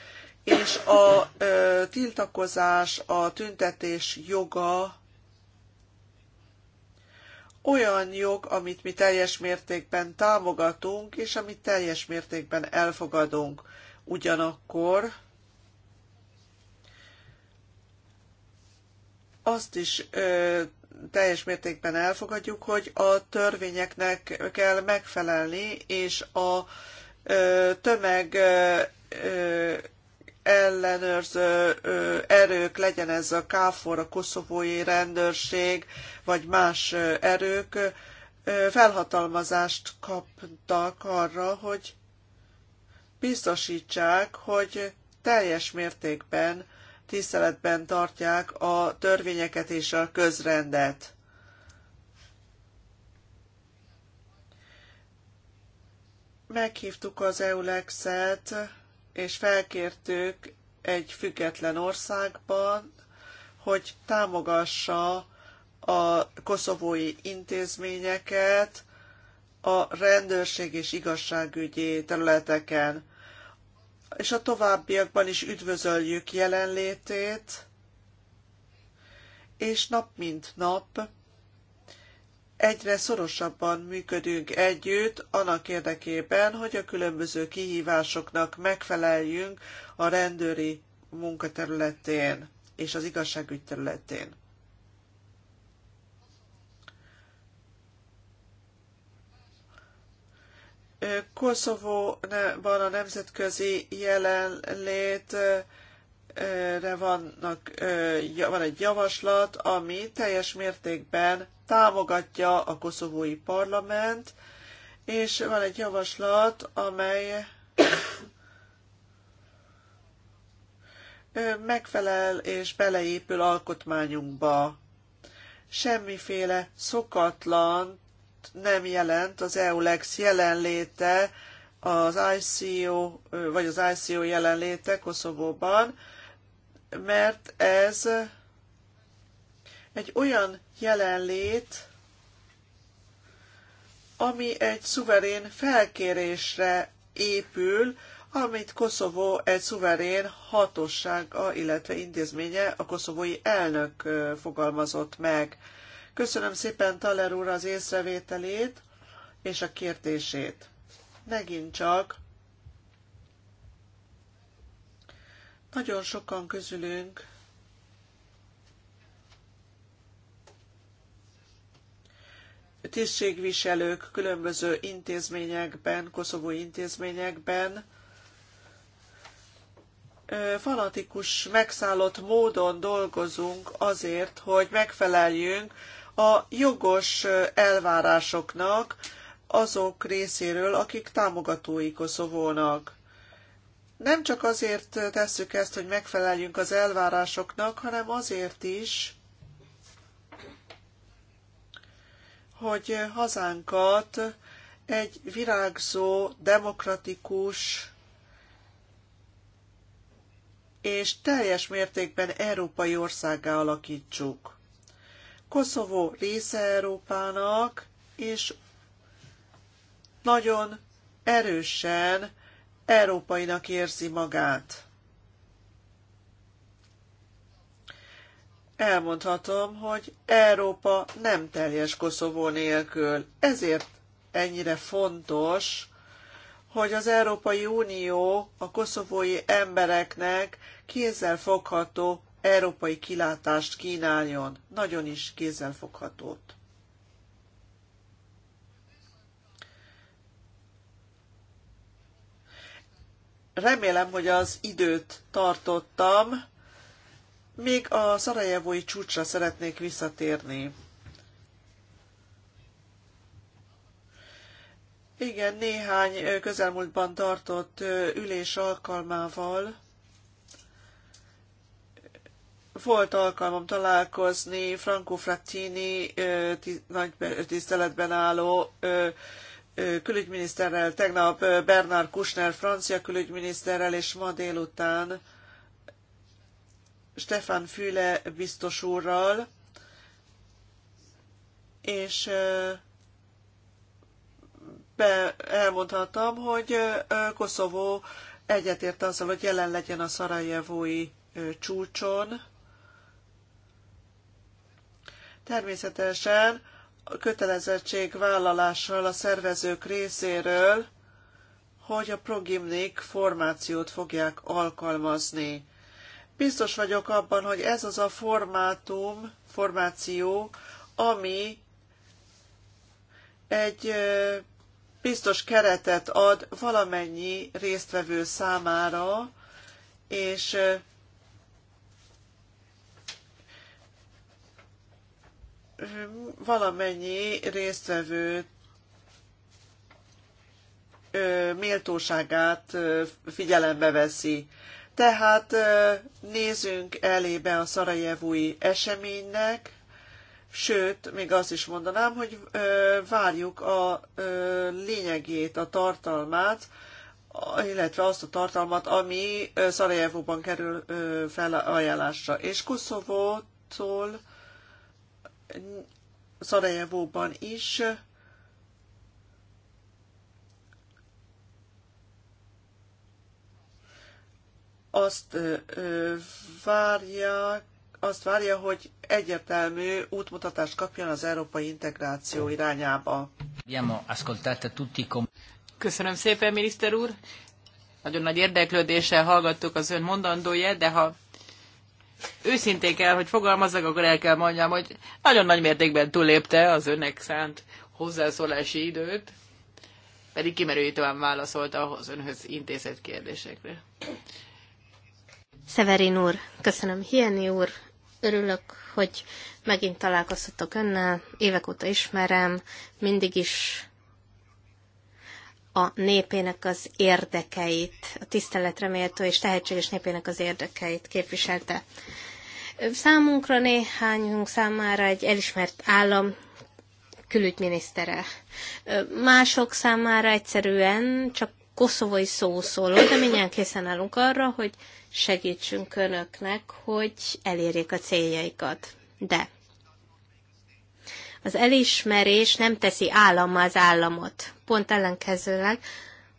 És a ö, tiltakozás, a tüntetés joga olyan jog, amit mi teljes mértékben támogatunk, és amit teljes mértékben elfogadunk. Ugyanakkor azt is teljes mértékben elfogadjuk, hogy a törvényeknek kell megfelelni, és a tömeg ellenőrző erők, legyen ez a KFOR, a koszovói rendőrség, vagy más erők, felhatalmazást kaptak arra, hogy biztosítsák, hogy teljes mértékben tiszteletben tartják a törvényeket és a közrendet. Meghívtuk az EULEX-et, és felkértük egy független országban, hogy támogassa a koszovói intézményeket a rendőrség és igazságügyi területeken és a továbbiakban is üdvözöljük jelenlétét, és nap mint nap egyre szorosabban működünk együtt annak érdekében, hogy a különböző kihívásoknak megfeleljünk a rendőri munkaterületén és az igazságügy területén. Koszovóban a nemzetközi jelenlétre vannak, van egy javaslat, ami teljes mértékben támogatja a koszovói parlament, és van egy javaslat, amely megfelel és beleépül alkotmányunkba. Semmiféle szokatlant nem jelent az EULEX jelenléte az ICO, vagy az ICO jelenléte Koszovóban, mert ez egy olyan jelenlét, ami egy szuverén felkérésre épül, amit Koszovó egy szuverén hatósága, illetve intézménye, a koszovói elnök fogalmazott meg. Köszönöm szépen Taler úr az észrevételét és a kérdését. Megint csak nagyon sokan közülünk tisztségviselők különböző intézményekben, koszovói intézményekben fanatikus, megszállott módon dolgozunk azért, hogy megfeleljünk a jogos elvárásoknak azok részéről, akik támogatói Koszovónak. Nem csak azért tesszük ezt, hogy megfeleljünk az elvárásoknak, hanem azért is, hogy hazánkat egy virágzó, demokratikus és teljes mértékben európai országá alakítsuk. Koszovó része Európának, és nagyon erősen európainak érzi magát. Elmondhatom, hogy Európa nem teljes Koszovó nélkül, ezért ennyire fontos, hogy az Európai Unió a koszovói embereknek kézzel fogható európai kilátást kínáljon, nagyon is kézzelfoghatót. Remélem, hogy az időt tartottam. Még a szarajevói csúcsra szeretnék visszatérni. Igen, néhány közelmúltban tartott ülés alkalmával volt alkalmam találkozni Franco Frattini nagy tiszteletben álló külügyminiszterrel, tegnap Bernard Kushner francia külügyminiszterrel, és ma délután Stefan Füle biztos úrral, és be elmondhattam, hogy Koszovó egyetért azzal, hogy jelen legyen a szarajevói csúcson, Természetesen a vállalással a szervezők részéről, hogy a progimnik formációt fogják alkalmazni. Biztos vagyok abban, hogy ez az a formátum, formáció, ami egy biztos keretet ad valamennyi résztvevő számára, és valamennyi résztvevő méltóságát figyelembe veszi. Tehát nézzünk elébe a szarajevúi eseménynek, sőt, még azt is mondanám, hogy várjuk a lényegét, a tartalmát, illetve azt a tartalmat, ami Szarajevóban kerül felajánlásra. És Koszovótól Szarajevóban is azt várják, azt várja, hogy egyértelmű útmutatást kapjon az európai integráció irányába. Köszönöm szépen, miniszter úr! Nagyon nagy érdeklődéssel hallgattuk az ön mondandóját, de ha őszintén kell, hogy fogalmazzak, akkor el kell mondjam, hogy nagyon nagy mértékben túlépte az önnek szánt hozzászólási időt, pedig kimerőítően válaszolt ahhoz önhöz intézett kérdésekre. Szeverin úr, köszönöm. Hieni úr, örülök, hogy megint találkozhatok önnel. Évek óta ismerem, mindig is a népének az érdekeit, a tiszteletre méltó és tehetséges népének az érdekeit képviselte. Számunkra néhányunk számára egy elismert állam külügyminisztere. Mások számára egyszerűen csak koszovói szószóló, de mindjárt készen állunk arra, hogy segítsünk önöknek, hogy elérjék a céljaikat. De az elismerés nem teszi állama az államot. Pont ellenkezőleg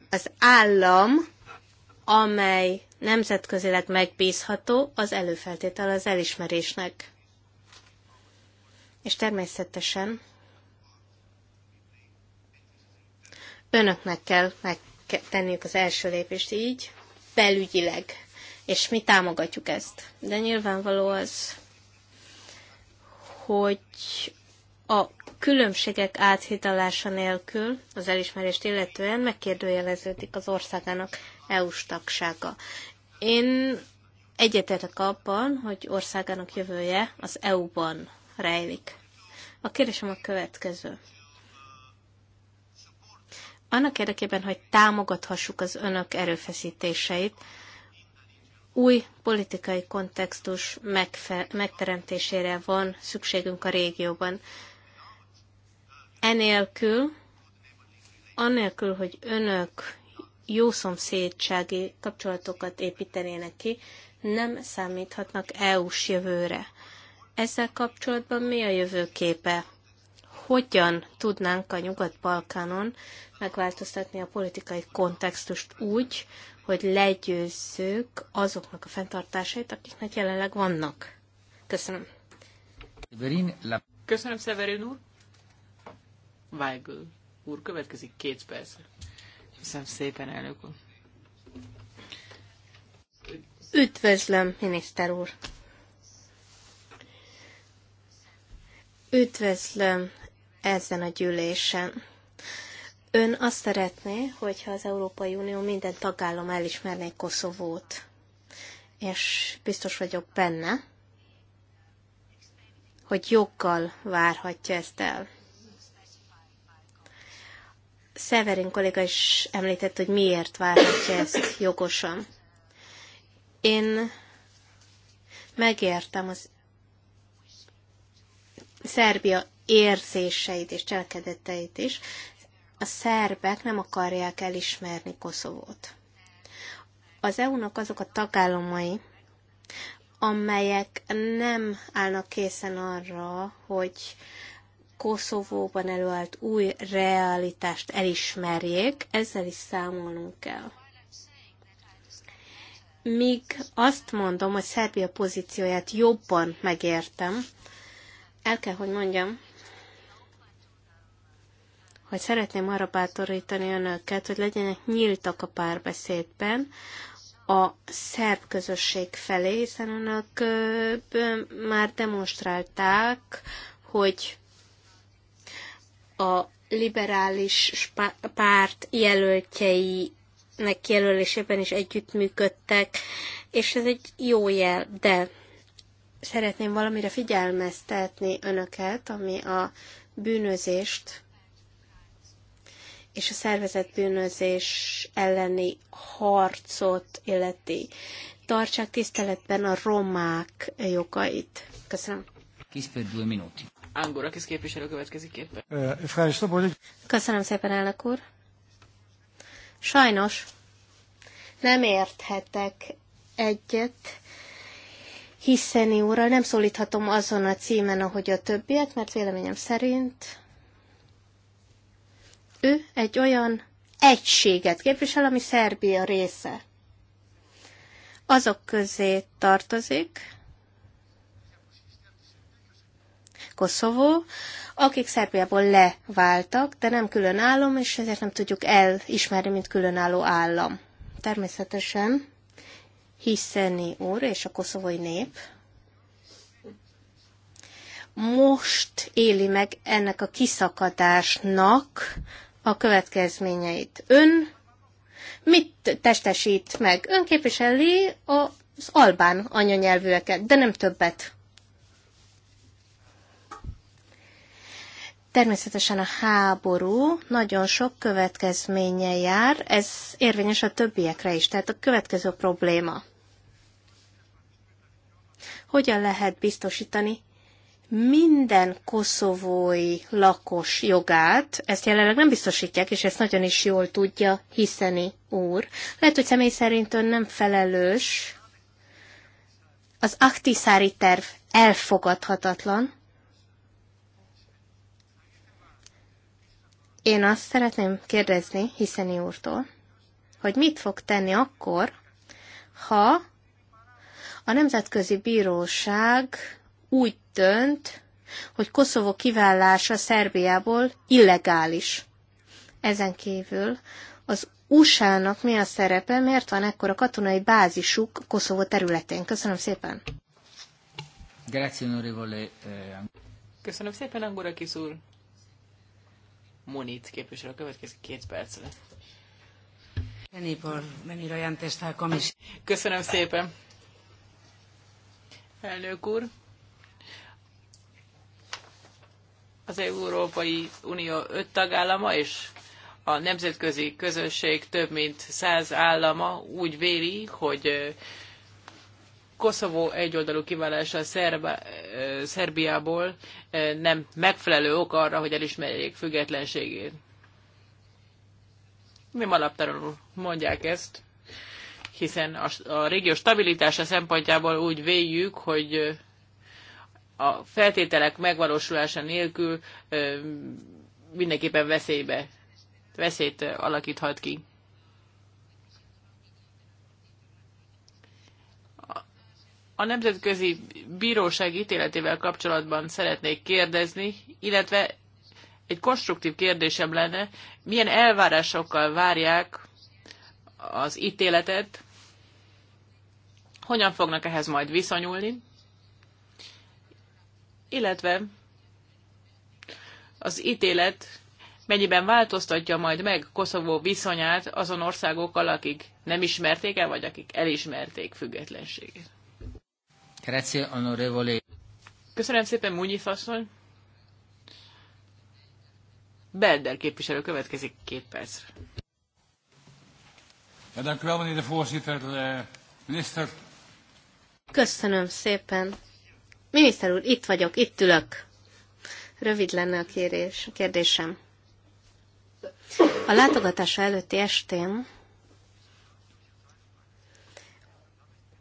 az állam, amely nemzetközileg megbízható, az előfeltétel az elismerésnek. És természetesen önöknek kell megtenniük az első lépést így, belügyileg, és mi támogatjuk ezt. De nyilvánvaló az, hogy a különbségek áthitalása nélkül az elismerést illetően megkérdőjeleződik az országának EU-s tagsága. Én egyetértek abban, hogy országának jövője az EU-ban rejlik. A kérdésem a következő. Annak érdekében, hogy támogathassuk az önök erőfeszítéseit, új politikai kontextus megteremtésére van szükségünk a régióban. Enélkül, anélkül, hogy önök jó szomszédsági kapcsolatokat építenének ki, nem számíthatnak EU-s jövőre. Ezzel kapcsolatban mi a jövőképe? Hogyan tudnánk a Nyugat-Balkánon megváltoztatni a politikai kontextust úgy, hogy legyőzzük azoknak a fenntartásait, akiknek jelenleg vannak? Köszönöm. Köszönöm, Severin úr. Weigl úr következik két perc. Köszönöm szépen, elnök úr. Üdvözlöm, miniszter úr! Üdvözlöm ezen a gyűlésen. Ön azt szeretné, hogyha az Európai Unió minden tagállam elismerné Koszovót, és biztos vagyok benne, hogy joggal várhatja ezt el. Severin kolléga is említett, hogy miért várhatja ezt jogosan. Én megértem az Szerbia érzéseit és cselekedeteit is. A szerbek nem akarják elismerni Koszovót. Az EU-nak azok a tagállamai, amelyek nem állnak készen arra, hogy Koszovóban előállt új realitást elismerjék, ezzel is számolnunk kell. Míg azt mondom, hogy Szerbia pozícióját jobban megértem, el kell, hogy mondjam, hogy szeretném arra bátorítani önöket, hogy legyenek nyíltak a párbeszédben a szerb közösség felé, hiszen önök már demonstrálták, hogy a liberális párt jelöltjeinek jelölésében is együttműködtek, és ez egy jó jel, de szeretném valamire figyelmeztetni önöket, ami a bűnözést és a szervezett bűnözés elleni harcot illeti. Tartsák tiszteletben a romák jogait. Köszönöm. Kis minuti. Angorakis képviselő következik két Köszönöm szépen, elnök úr. Sajnos nem érthetek egyet Hiszen úrral. Nem szólíthatom azon a címen, ahogy a többiek, mert véleményem szerint ő egy olyan egységet képvisel, ami Szerbia része. Azok közé tartozik, Koszovó, akik Szerbiából leváltak, de nem külön állam, és ezért nem tudjuk elismerni, mint különálló állam. Természetesen Hiszeni úr és a koszovói nép most éli meg ennek a kiszakadásnak a következményeit. Ön mit testesít meg? Ön képviseli az albán anyanyelvűeket, de nem többet. Természetesen a háború nagyon sok következménye jár, ez érvényes a többiekre is. Tehát a következő probléma. Hogyan lehet biztosítani minden koszovói lakos jogát, ezt jelenleg nem biztosítják, és ezt nagyon is jól tudja hiszeni úr. Lehet, hogy személy szerint ön nem felelős, az aktiszári terv elfogadhatatlan, Én azt szeretném kérdezni Hiszeni úrtól, hogy mit fog tenni akkor, ha a Nemzetközi Bíróság úgy dönt, hogy Koszovó kivállása Szerbiából illegális. Ezen kívül az USA-nak mi a szerepe, miért van ekkora katonai bázisuk Koszovó területén? Köszönöm szépen! Eh, Köszönöm szépen, Angora kisúr. Monit képviselő következik két percre. Köszönöm szépen. Elnök úr, az Európai Unió öt tagállama és a nemzetközi közösség több mint száz állama úgy véli, hogy Koszovó egyoldalú kiválása Szerba, Szerbiából nem megfelelő ok arra, hogy elismerjék függetlenségét. Nem alaptalanul mondják ezt, hiszen a, a régió stabilitása szempontjából úgy véljük, hogy a feltételek megvalósulása nélkül mindenképpen veszélybe, veszélyt alakíthat ki. a nemzetközi bíróság ítéletével kapcsolatban szeretnék kérdezni, illetve egy konstruktív kérdésem lenne, milyen elvárásokkal várják az ítéletet, hogyan fognak ehhez majd viszonyulni, illetve az ítélet mennyiben változtatja majd meg Koszovó viszonyát azon országokkal, akik nem ismerték el, vagy akik elismerték függetlenségét. Grazie, onorevole. Köszönöm szépen, Múnyi asszony. Belder képviselő következik két percre. Eh, Köszönöm szépen. Miniszter úr, itt vagyok, itt ülök. Rövid lenne a kérés, a kérdésem. A látogatása előtti estén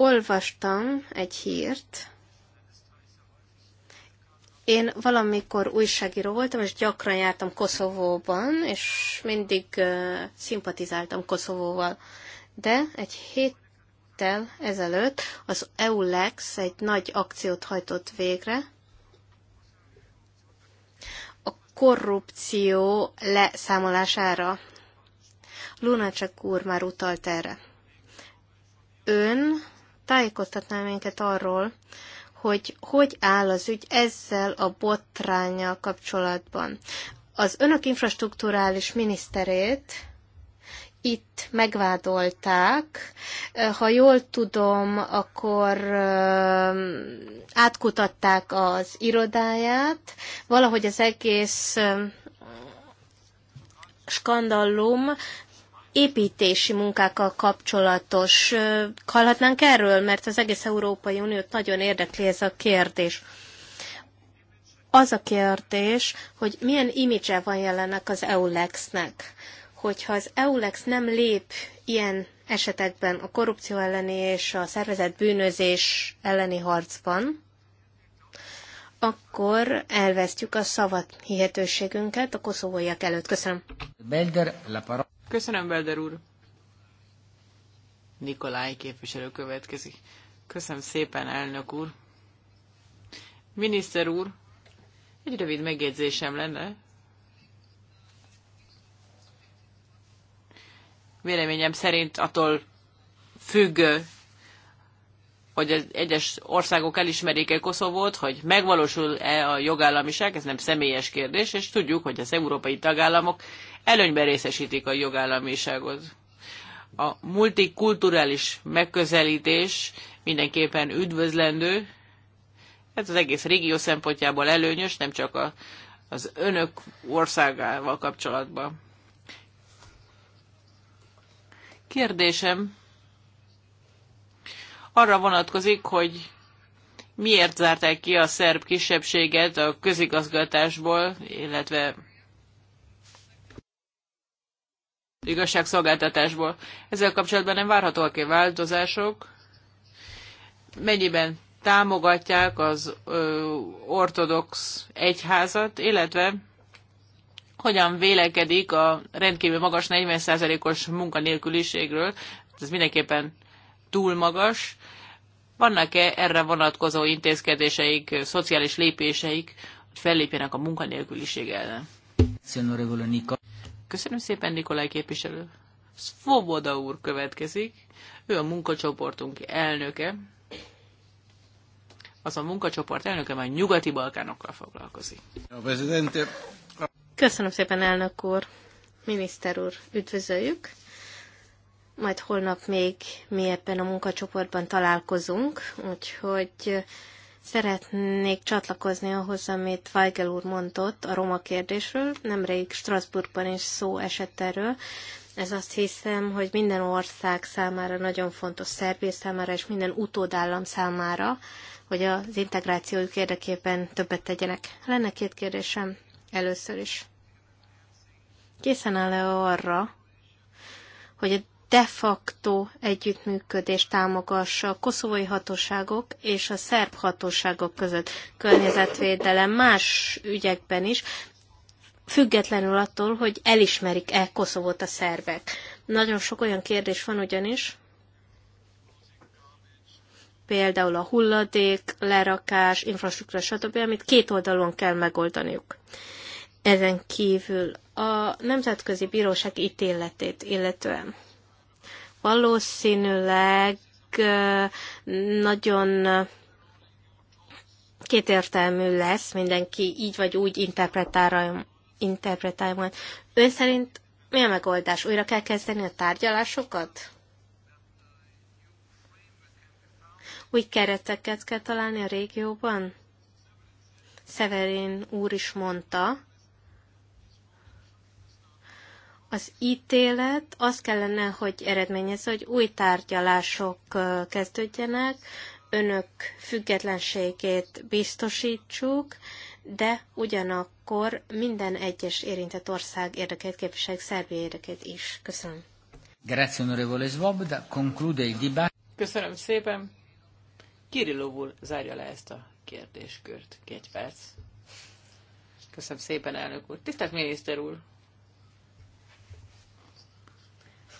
olvastam egy hírt. Én valamikor újságíró voltam, és gyakran jártam Koszovóban, és mindig uh, szimpatizáltam Koszovóval. De egy héttel ezelőtt az EULEX egy nagy akciót hajtott végre, a korrupció leszámolására. Lunacek úr már utalt erre. Ön tájékoztatná minket arról, hogy hogy áll az ügy ezzel a botrányjal kapcsolatban. Az önök infrastruktúrális miniszterét itt megvádolták. Ha jól tudom, akkor átkutatták az irodáját. Valahogy az egész skandallum építési munkákkal kapcsolatos. Hallhatnánk erről, mert az egész Európai Uniót nagyon érdekli ez a kérdés. Az a kérdés, hogy milyen imidzse van jelenek az EULEX-nek. Hogyha az EULEX nem lép ilyen esetekben a korrupció elleni és a szervezet bűnözés elleni harcban, akkor elvesztjük a szavat hihetőségünket a koszovóiak előtt. Köszönöm. Belder, Köszönöm, Belder úr. Nikolaj képviselő következik. Köszönöm szépen, elnök úr. Miniszter úr, egy rövid megjegyzésem lenne. Véleményem szerint attól függ hogy az egyes országok elismerik-e Koszovót, hogy megvalósul-e a jogállamiság, ez nem személyes kérdés, és tudjuk, hogy az európai tagállamok előnyben részesítik a jogállamiságot. A multikulturális megközelítés mindenképpen üdvözlendő, ez az egész régió szempontjából előnyös, nem csak a, az önök országával kapcsolatban. Kérdésem arra vonatkozik, hogy miért zárták ki a szerb kisebbséget a közigazgatásból, illetve igazságszolgáltatásból. Ezzel kapcsolatban nem várhatóak-e változások? Mennyiben támogatják az ö, ortodox egyházat, illetve hogyan vélekedik a rendkívül magas 40%-os munkanélküliségről, ez mindenképpen túl magas, vannak-e erre vonatkozó intézkedéseik, szociális lépéseik, hogy fellépjenek a munkanélküliség ellen? Köszönöm szépen, Nikolaj képviselő. Svoboda úr következik. Ő a munkacsoportunk elnöke. Az a munkacsoport elnöke már nyugati balkánokkal foglalkozik. Köszönöm szépen, elnök úr. Miniszter úr, üdvözöljük majd holnap még mi ebben a munkacsoportban találkozunk, úgyhogy szeretnék csatlakozni ahhoz, amit Weigel úr mondott a roma kérdésről. Nemrég Strasbourgban is szó esett erről. Ez azt hiszem, hogy minden ország számára nagyon fontos, Szerbia számára és minden utódállam számára, hogy az integrációjuk érdekében többet tegyenek. Lenne két kérdésem először is. Készen áll-e arra, hogy a de facto együttműködést támogassa a koszovói hatóságok és a szerb hatóságok között környezetvédelem más ügyekben is, függetlenül attól, hogy elismerik-e Koszovót a szerbek. Nagyon sok olyan kérdés van ugyanis, például a hulladék, lerakás, infrastruktúra, stb., amit két oldalon kell megoldaniuk. Ezen kívül a Nemzetközi Bíróság ítéletét illetően valószínűleg nagyon kétértelmű lesz, mindenki így vagy úgy interpretálja, interpretálja majd. Ön szerint mi a megoldás? Újra kell kezdeni a tárgyalásokat? Új kereteket kell találni a régióban? Severin úr is mondta, az ítélet azt kellene, hogy eredményezze, hogy új tárgyalások kezdődjenek, önök függetlenségét biztosítsuk, de ugyanakkor minden egyes érintett ország érdekét képviseljük, szerbi érdekét is. Köszönöm. Köszönöm szépen. Kirillovul zárja le ezt a kérdéskört. Két perc. Köszönöm szépen, elnök úr. Tisztelt miniszter úr!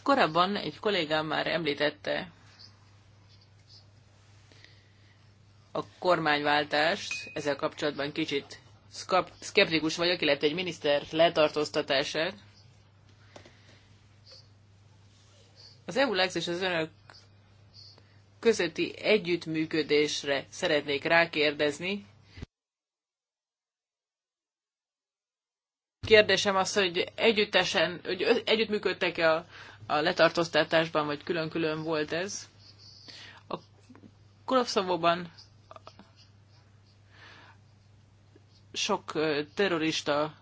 Korábban egy kollégám már említette a kormányváltást, ezzel kapcsolatban kicsit szkeptikus vagyok, illetve egy miniszter letartóztatását. Az EULEX és az önök közötti együttműködésre szeretnék rákérdezni. kérdésem az, hogy együttesen, hogy együttműködtek-e a, a letartóztatásban, vagy külön-külön volt ez. A Kurovszavóban sok terrorista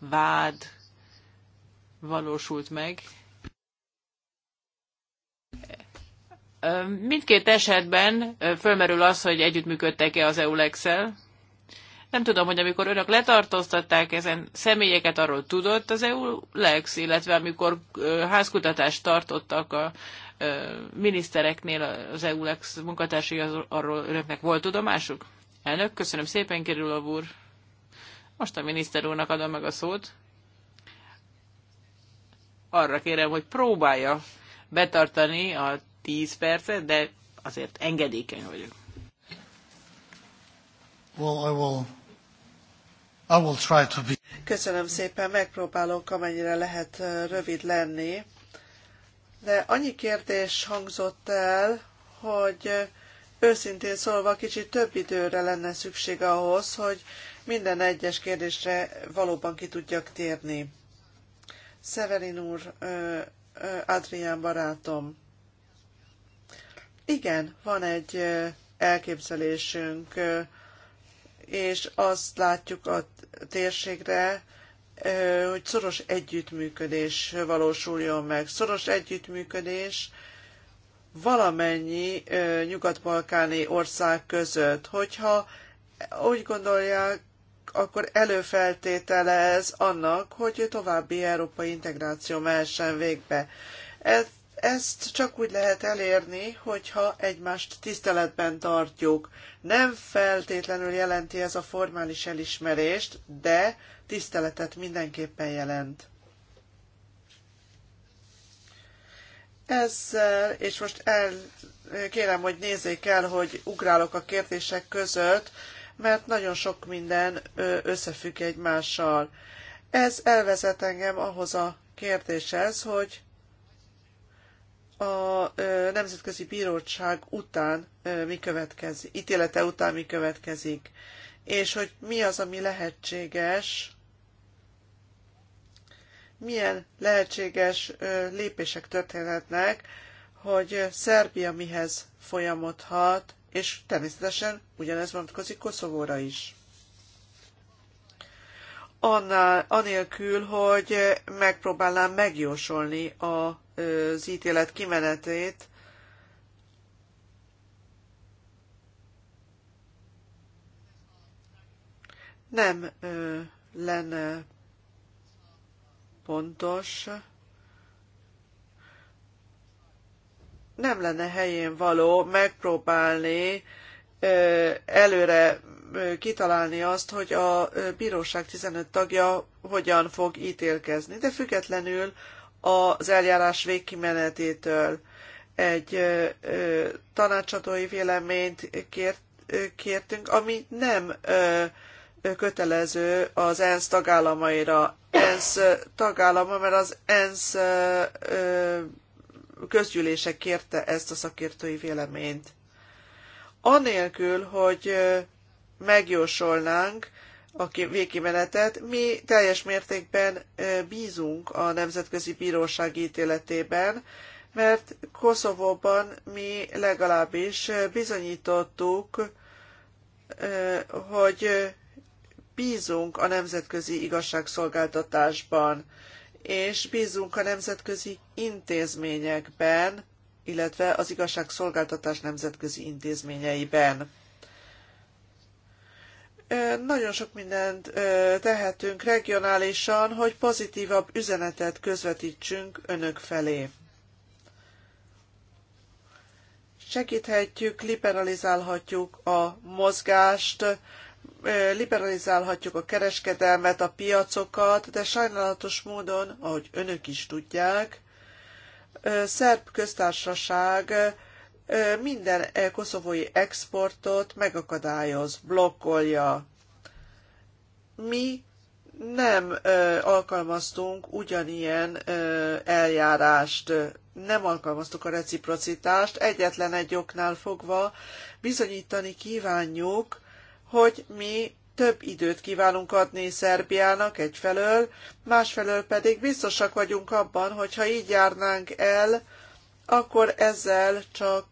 vád valósult meg. Mindkét esetben fölmerül az, hogy együttműködtek-e az EULEX-el. Nem tudom, hogy amikor önök letartóztatták ezen személyeket, arról tudott az EU-lex, illetve amikor házkutatást tartottak a minisztereknél az EU-lex munkatársai, arról önöknek volt tudomásuk? Elnök, köszönöm szépen, a úr. Most a miniszter úrnak adom meg a szót. Arra kérem, hogy próbálja betartani a 10 percet, de azért engedékeny vagyok. Well, I will Köszönöm szépen, megpróbálok amennyire lehet rövid lenni. De annyi kérdés hangzott el, hogy őszintén szólva kicsit több időre lenne szükség ahhoz, hogy minden egyes kérdésre valóban ki tudjak térni. Severin úr, Adrián barátom. Igen, van egy elképzelésünk, és azt látjuk a térségre, hogy szoros együttműködés valósuljon meg. Szoros együttműködés valamennyi nyugat-balkáni ország között. Hogyha úgy gondolják, akkor előfeltétele ez annak, hogy további európai integráció mehessen végbe. Ezt ezt csak úgy lehet elérni, hogyha egymást tiszteletben tartjuk. Nem feltétlenül jelenti ez a formális elismerést, de tiszteletet mindenképpen jelent. Ezzel, és most el, kérem, hogy nézzék el, hogy ugrálok a kérdések között, mert nagyon sok minden összefügg egymással. Ez elvezet engem ahhoz a kérdéshez, hogy a Nemzetközi Bíróság után mi következik, ítélete után mi következik, és hogy mi az, ami lehetséges, milyen lehetséges lépések történhetnek, hogy Szerbia mihez folyamodhat, és természetesen ugyanez vonatkozik Koszovóra is annál, anélkül, hogy megpróbálnám megjósolni a az ítélet kimenetét, nem ö, lenne pontos, nem lenne helyén való megpróbálni ö, előre ö, kitalálni azt, hogy a bíróság 15 tagja hogyan fog ítélkezni. De függetlenül az eljárás végkimenetétől. Egy ö, ö, tanácsadói véleményt kért, ö, kértünk, ami nem ö, kötelező az ENSZ tagállamaira. ENSZ tagállama, mert az ENSZ ö, ö, közgyűlése kérte ezt a szakértői véleményt. Anélkül, hogy megjósolnánk, a végkimenetet. Mi teljes mértékben bízunk a Nemzetközi Bíróság ítéletében, mert Koszovóban mi legalábbis bizonyítottuk, hogy bízunk a nemzetközi igazságszolgáltatásban, és bízunk a nemzetközi intézményekben, illetve az igazságszolgáltatás nemzetközi intézményeiben nagyon sok mindent tehetünk regionálisan, hogy pozitívabb üzenetet közvetítsünk önök felé. Segíthetjük, liberalizálhatjuk a mozgást, liberalizálhatjuk a kereskedelmet, a piacokat, de sajnálatos módon, ahogy önök is tudják, szerb köztársaság minden koszovói exportot megakadályoz, blokkolja. Mi nem alkalmaztunk ugyanilyen eljárást, nem alkalmaztuk a reciprocitást, egyetlen egy oknál fogva bizonyítani kívánjuk, hogy mi több időt kívánunk adni Szerbiának egyfelől, másfelől pedig biztosak vagyunk abban, hogy ha így járnánk el, akkor ezzel csak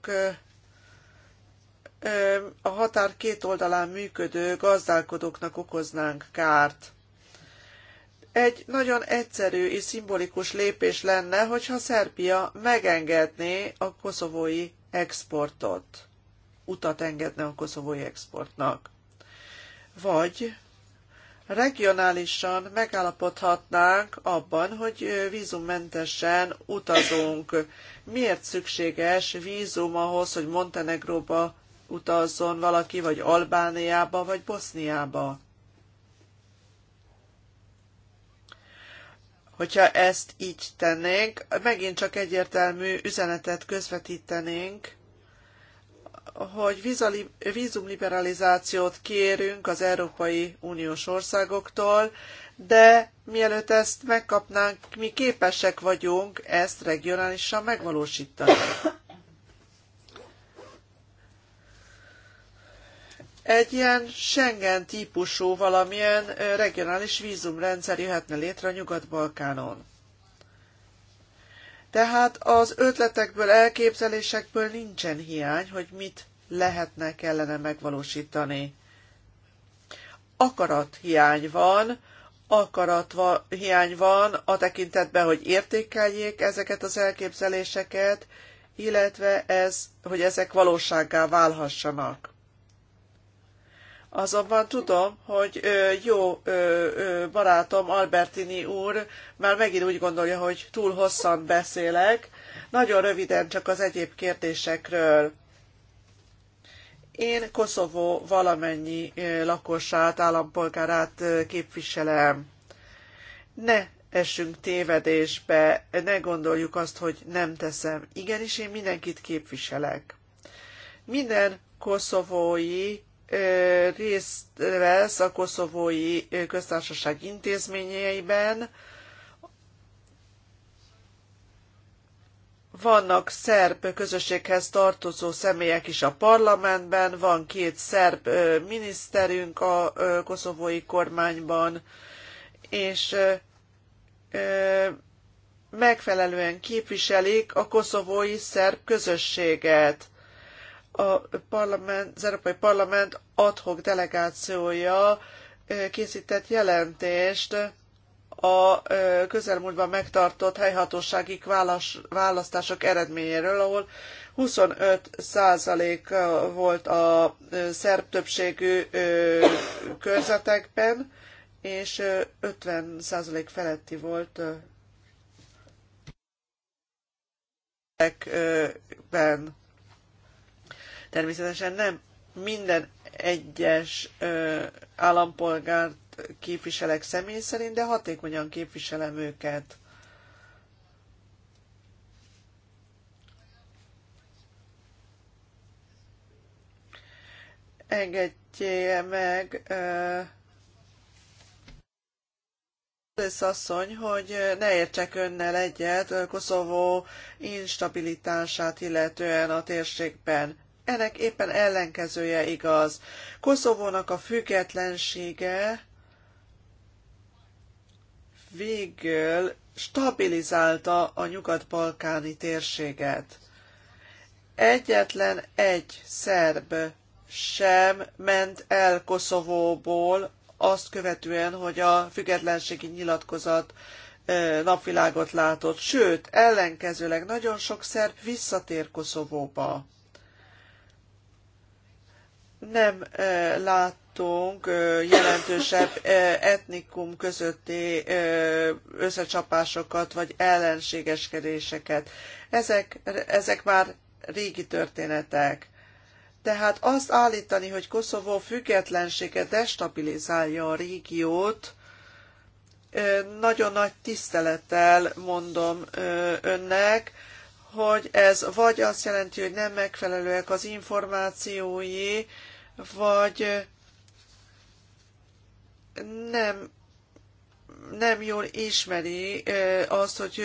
a határ két oldalán működő gazdálkodóknak okoznánk kárt. Egy nagyon egyszerű és szimbolikus lépés lenne, hogyha Szerbia megengedné a koszovói exportot. Utat engedne a koszovói exportnak. Vagy regionálisan megállapodhatnánk abban, hogy vízummentesen utazunk. Miért szükséges vízum ahhoz, hogy Montenegróba utazzon valaki, vagy Albániába, vagy Boszniába? Hogyha ezt így tennénk, megint csak egyértelmű üzenetet közvetítenénk hogy vízumliberalizációt kérünk az Európai Uniós országoktól, de mielőtt ezt megkapnánk, mi képesek vagyunk ezt regionálisan megvalósítani. Egy ilyen Schengen típusú valamilyen regionális vízumrendszer jöhetne létre a Nyugat-Balkánon. Tehát az ötletekből, elképzelésekből nincsen hiány, hogy mit lehetne, kellene megvalósítani. Akarat hiány van, akarat hiány van a tekintetben, hogy értékeljék ezeket az elképzeléseket, illetve ez, hogy ezek valósággá válhassanak. Azonban tudom, hogy jó barátom Albertini úr már megint úgy gondolja, hogy túl hosszan beszélek, nagyon röviden csak az egyéb kérdésekről. Én Koszovó valamennyi lakosát, állampolgárát képviselem. Ne essünk tévedésbe, ne gondoljuk azt, hogy nem teszem. Igenis, én mindenkit képviselek. Minden koszovói részt vesz a koszovói köztársaság intézményeiben, vannak szerb közösséghez tartozó személyek is a parlamentben, van két szerb miniszterünk a koszovói kormányban, és megfelelően képviselik a koszovói szerb közösséget. A parlament, az Európai Parlament adhok delegációja készített jelentést a közelmúltban megtartott helyhatósági választások eredményéről, ahol 25% volt a szerb többségű körzetekben, és 50% feletti volt ben. Természetesen nem minden egyes állampolgárt képviselek személy szerint, de hatékonyan képviselem őket. Engedje meg, Lesz asszony, hogy ne értsek önnel egyet Koszovó instabilitását illetően a térségben. Ennek éppen ellenkezője igaz. Koszovónak a függetlensége végül stabilizálta a nyugat-balkáni térséget. Egyetlen egy szerb sem ment el Koszovóból azt követően, hogy a függetlenségi nyilatkozat napvilágot látott, sőt, ellenkezőleg nagyon sok szerb visszatér Koszovóba. Nem lát látunk jelentősebb etnikum közötti összecsapásokat vagy ellenségeskedéseket. Ezek, ezek már régi történetek. Tehát azt állítani, hogy Koszovó függetlensége destabilizálja a régiót, nagyon nagy tisztelettel mondom önnek, hogy ez vagy azt jelenti, hogy nem megfelelőek az információi, vagy nem nem jól ismeri azt, hogy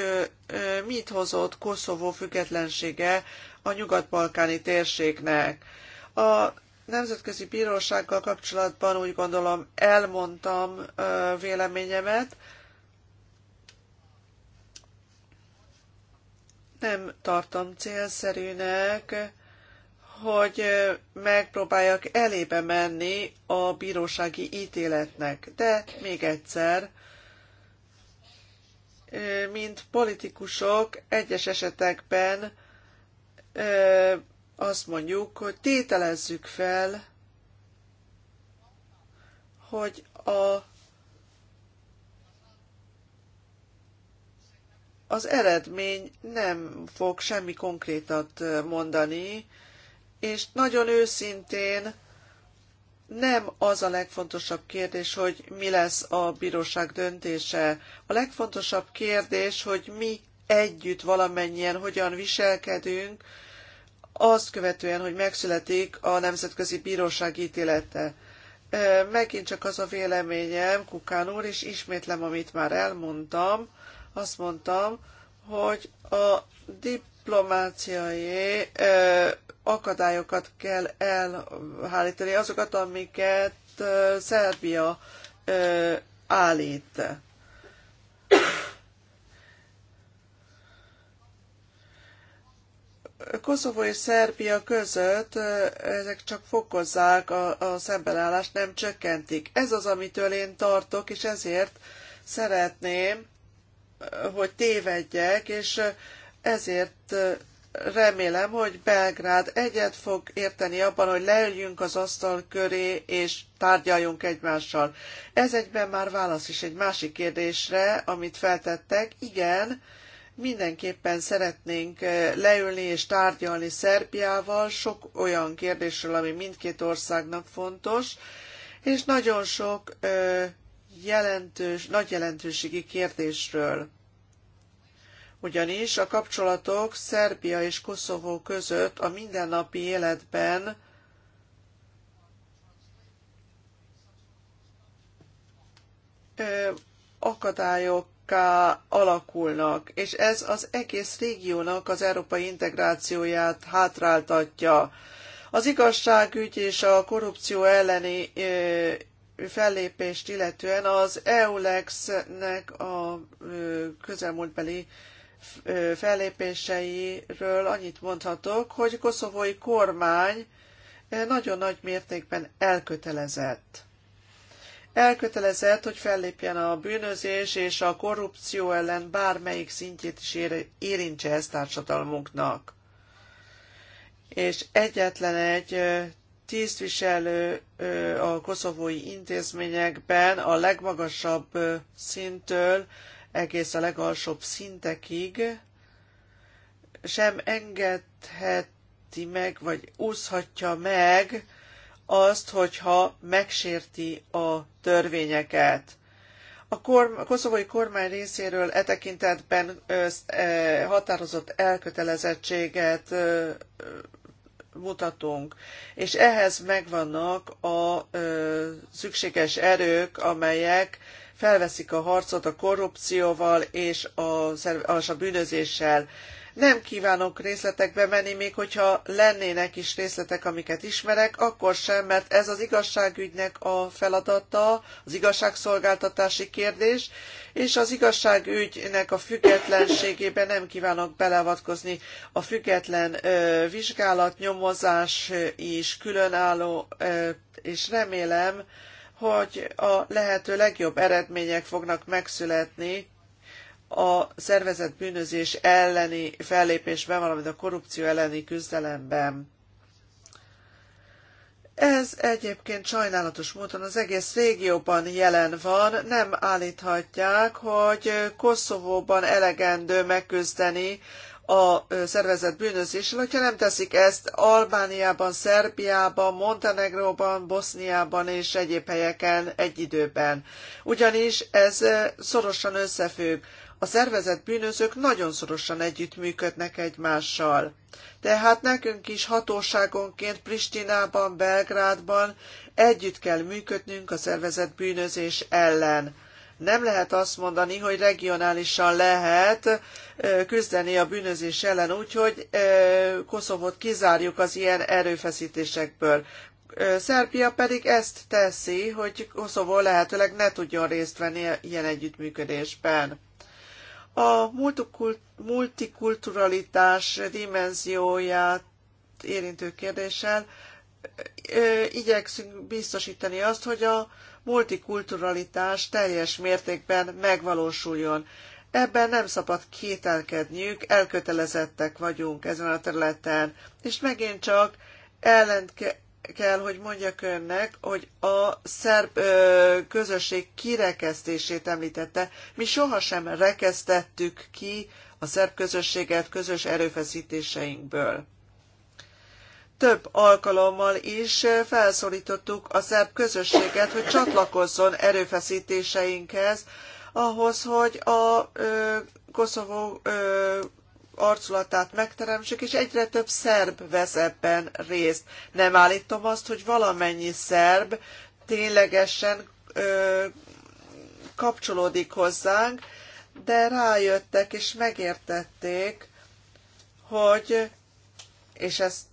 mit hozott Koszovó függetlensége a nyugat-balkáni térségnek. A Nemzetközi Bírósággal kapcsolatban úgy gondolom elmondtam véleményemet. Nem tartom célszerűnek hogy megpróbáljak elébe menni a bírósági ítéletnek. De még egyszer, mint politikusok egyes esetekben azt mondjuk, hogy tételezzük fel, hogy a, az eredmény nem fog semmi konkrétat mondani, és nagyon őszintén nem az a legfontosabb kérdés, hogy mi lesz a bíróság döntése. A legfontosabb kérdés, hogy mi együtt valamennyien hogyan viselkedünk, azt követően, hogy megszületik a Nemzetközi Bíróság ítélete. Megint csak az a véleményem, Kukán úr, és ismétlem, amit már elmondtam, azt mondtam, hogy a diplomáciai akadályokat kell elhárítani, azokat, amiket Szerbia állít. Koszovó és Szerbia között ezek csak fokozzák a, a szembenállást, nem csökkentik. Ez az, amitől én tartok, és ezért szeretném, hogy tévedjek, és ezért remélem, hogy Belgrád egyet fog érteni abban, hogy leüljünk az asztal köré, és tárgyaljunk egymással. Ez egyben már válasz is egy másik kérdésre, amit feltettek. Igen, mindenképpen szeretnénk eh, leülni és tárgyalni Szerbiával sok olyan kérdésről, ami mindkét országnak fontos, és nagyon sok eh, jelentős, nagy jelentőségi kérdésről ugyanis a kapcsolatok Szerbia és Koszovó között a mindennapi életben akadályokká alakulnak, és ez az egész régiónak az európai integrációját hátráltatja. Az igazságügy és a korrupció elleni fellépést illetően az EULEX-nek a közelmúltbeli fellépéseiről annyit mondhatok, hogy a koszovói kormány eh, nagyon nagy mértékben elkötelezett. Elkötelezett, hogy fellépjen a bűnözés és a korrupció ellen bármelyik szintjét is érintse ezt társadalmunknak. És egyetlen egy eh, tisztviselő eh, a koszovói intézményekben a legmagasabb szintől egész a legalsóbb szintekig sem engedheti meg, vagy úszhatja meg azt, hogyha megsérti a törvényeket. A, korm- a koszovói kormány részéről e tekintetben e, határozott elkötelezettséget mutatunk, és ehhez megvannak a szükséges erők, amelyek felveszik a harcot a korrupcióval és a, és a bűnözéssel. Nem kívánok részletekbe menni, még hogyha lennének is részletek, amiket ismerek, akkor sem, mert ez az igazságügynek a feladata, az igazságszolgáltatási kérdés, és az igazságügynek a függetlenségébe nem kívánok beleavatkozni. A független ö, vizsgálat, nyomozás is különálló, ö, és remélem, hogy a lehető legjobb eredmények fognak megszületni a szervezett bűnözés elleni fellépésben, valamint a korrupció elleni küzdelemben. Ez egyébként sajnálatos módon az egész régióban jelen van, nem állíthatják, hogy Koszovóban elegendő megküzdeni a szervezett bűnözésről. Hogyha nem teszik ezt Albániában, Szerbiában, Montenegróban, Boszniában és egyéb helyeken egy időben. Ugyanis ez szorosan összefügg. A szervezett bűnözők nagyon szorosan együttműködnek egymással. Tehát nekünk is hatóságonként Pristinában, Belgrádban együtt kell működnünk a szervezett bűnözés ellen nem lehet azt mondani, hogy regionálisan lehet küzdeni a bűnözés ellen úgy, hogy Koszovot kizárjuk az ilyen erőfeszítésekből. Szerbia pedig ezt teszi, hogy Koszovó lehetőleg ne tudjon részt venni ilyen együttműködésben. A multikulturalitás dimenzióját érintő kérdéssel igyekszünk biztosítani azt, hogy a multikulturalitás teljes mértékben megvalósuljon. Ebben nem szabad kételkedniük, elkötelezettek vagyunk ezen a területen. És megint csak ellent ke- kell, hogy mondjak önnek, hogy a szerb ö, közösség kirekesztését említette. Mi sohasem rekesztettük ki a szerb közösséget közös erőfeszítéseinkből több alkalommal is felszólítottuk a szerb közösséget, hogy csatlakozzon erőfeszítéseinkhez, ahhoz, hogy a ö, Koszovó ö, arculatát megteremtsük, és egyre több szerb vesz ebben részt. Nem állítom azt, hogy valamennyi szerb ténylegesen ö, kapcsolódik hozzánk, de rájöttek és megértették, hogy, és ezt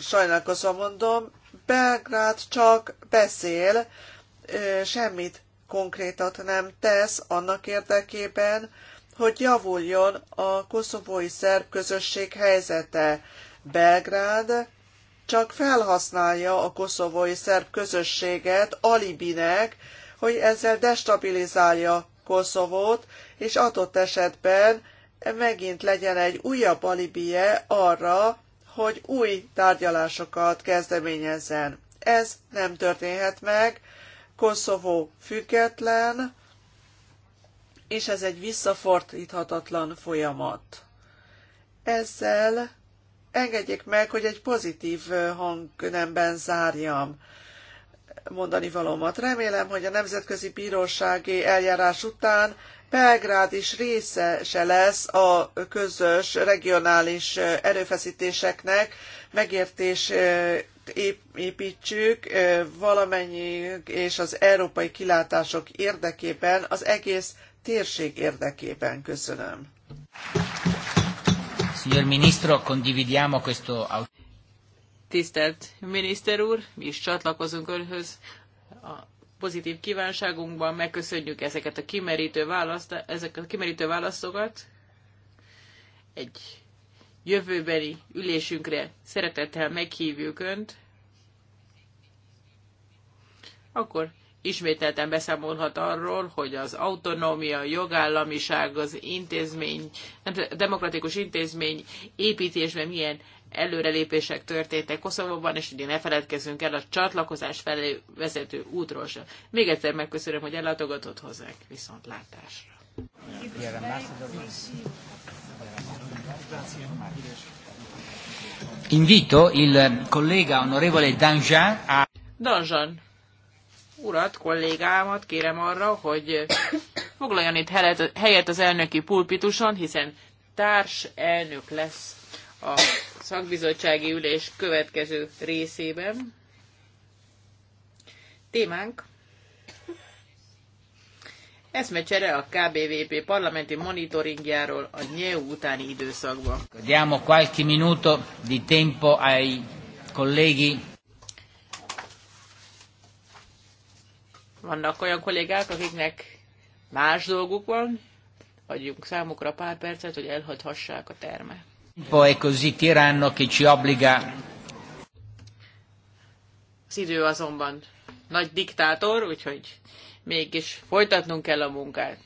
sajnálkozva mondom, Belgrád csak beszél, semmit konkrétat nem tesz annak érdekében, hogy javuljon a koszovói szerb közösség helyzete. Belgrád csak felhasználja a koszovói szerb közösséget alibinek, hogy ezzel destabilizálja Koszovót, és adott esetben megint legyen egy újabb alibije arra, hogy új tárgyalásokat kezdeményezzen. Ez nem történhet meg. Koszovó független, és ez egy visszafordíthatatlan folyamat. Ezzel engedjék meg, hogy egy pozitív hangnemben zárjam mondani valómat. Remélem, hogy a Nemzetközi Bírósági eljárás után Belgrád is részese lesz a közös regionális erőfeszítéseknek, megértés építsük valamennyi és az európai kilátások érdekében, az egész térség érdekében. Köszönöm. Signor Ministro, condividiamo questo... Tisztelt miniszter úr, mi is csatlakozunk önhöz a pozitív kívánságunkban, megköszönjük ezeket a kimerítő, választ, ezek a kimerítő válaszokat. Egy jövőbeli ülésünkre szeretettel meghívjuk Önt. Akkor ismételten beszámolhat arról, hogy az autonómia, jogállamiság, az intézmény, nem, demokratikus intézmény építésben milyen előrelépések történtek Koszovóban, és ugye ne feledkezzünk el a csatlakozás felé vezető útról sem. Még egyszer megköszönöm, hogy ellátogatott hozzák viszontlátásra. Invito il collega onorevole Danjean a... Danjean, urat, kollégámat kérem arra, hogy foglaljon itt helyet az elnöki pulpituson, hiszen társ elnök lesz a szakbizottsági ülés következő részében. Témánk eszmecsere a KBVP parlamenti monitoringjáról a nyelv utáni időszakban. Diamo qualche minuto di tempo ai colleghi. Vannak olyan kollégák, akiknek más dolguk van, adjunk számukra pár percet, hogy elhagyhassák a termet è così tiranno che ci obbliga. Az idő azonban nagy diktátor, úgyhogy mégis folytatnunk kell a munkát.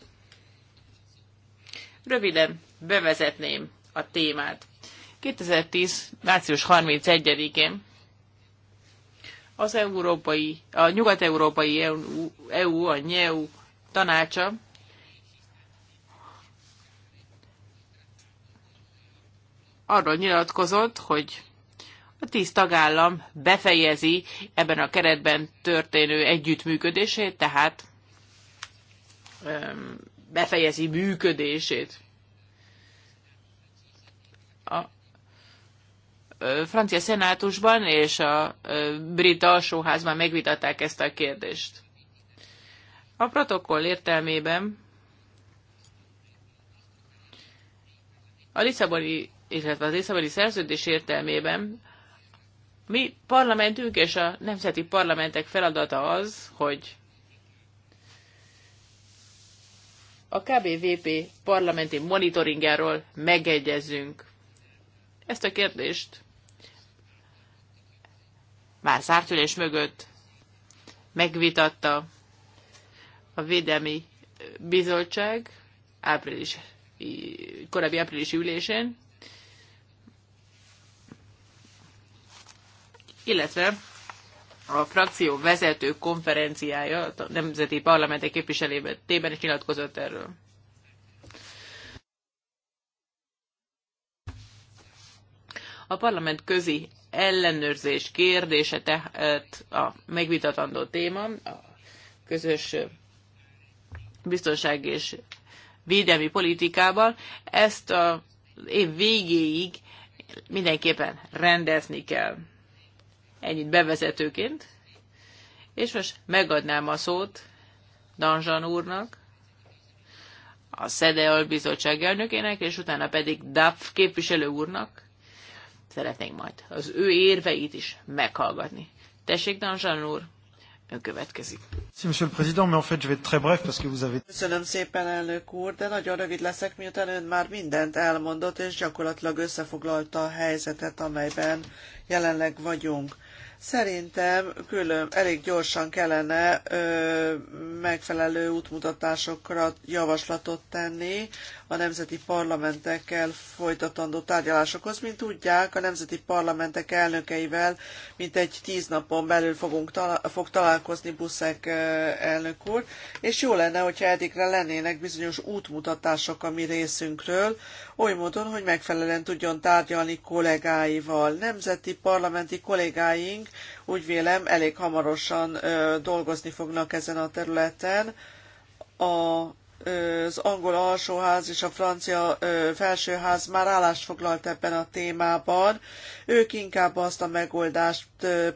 Röviden bevezetném a témát. 2010. március 31-én az európai, a nyugat-európai EU, EU, a NEU tanácsa arról nyilatkozott, hogy a tíz tagállam befejezi ebben a keretben történő együttműködését, tehát befejezi működését. A francia szenátusban és a brit alsóházban megvitatták ezt a kérdést. A protokoll értelmében a Lisszaboni illetve az Észabeli szerződés értelmében mi parlamentünk és a nemzeti parlamentek feladata az, hogy a KBVP parlamenti monitoringáról megegyezünk. Ezt a kérdést már zárt ülés mögött megvitatta a Védelmi Bizottság április, korábbi áprilisi ülésén, illetve a frakció vezető konferenciája a Nemzeti Parlamentek képviselében is nyilatkozott erről. A parlament közi ellenőrzés kérdése tehát a megvitatandó téma, a közös biztonság és védelmi politikában. Ezt a év végéig mindenképpen rendezni kell. Ennyit bevezetőként. És most megadnám a szót Danzsan úrnak, a Szedeol bizottság elnökének, és utána pedig DAF képviselő úrnak. Szeretnénk majd az ő érveit is meghallgatni. Tessék, Danzsan úr! Ön következik. Köszönöm szépen, elnök úr, de nagyon rövid leszek, miután ön már mindent elmondott, és gyakorlatilag összefoglalta a helyzetet, amelyben jelenleg vagyunk. Szerintem külön, elég gyorsan kellene ö, megfelelő útmutatásokra javaslatot tenni a nemzeti parlamentekkel folytatandó tárgyalásokhoz. Mint tudják, a nemzeti parlamentek elnökeivel mintegy tíz napon belül fogunk tala- fog találkozni Buszek elnök úr, és jó lenne, hogyha eddigre lennének bizonyos útmutatások a mi részünkről, oly módon, hogy megfelelően tudjon tárgyalni kollégáival. Nemzeti parlamenti kollégáink úgy vélem elég hamarosan dolgozni fognak ezen a területen. A az angol alsóház és a francia felsőház már állást foglalt ebben a témában. Ők inkább azt a megoldást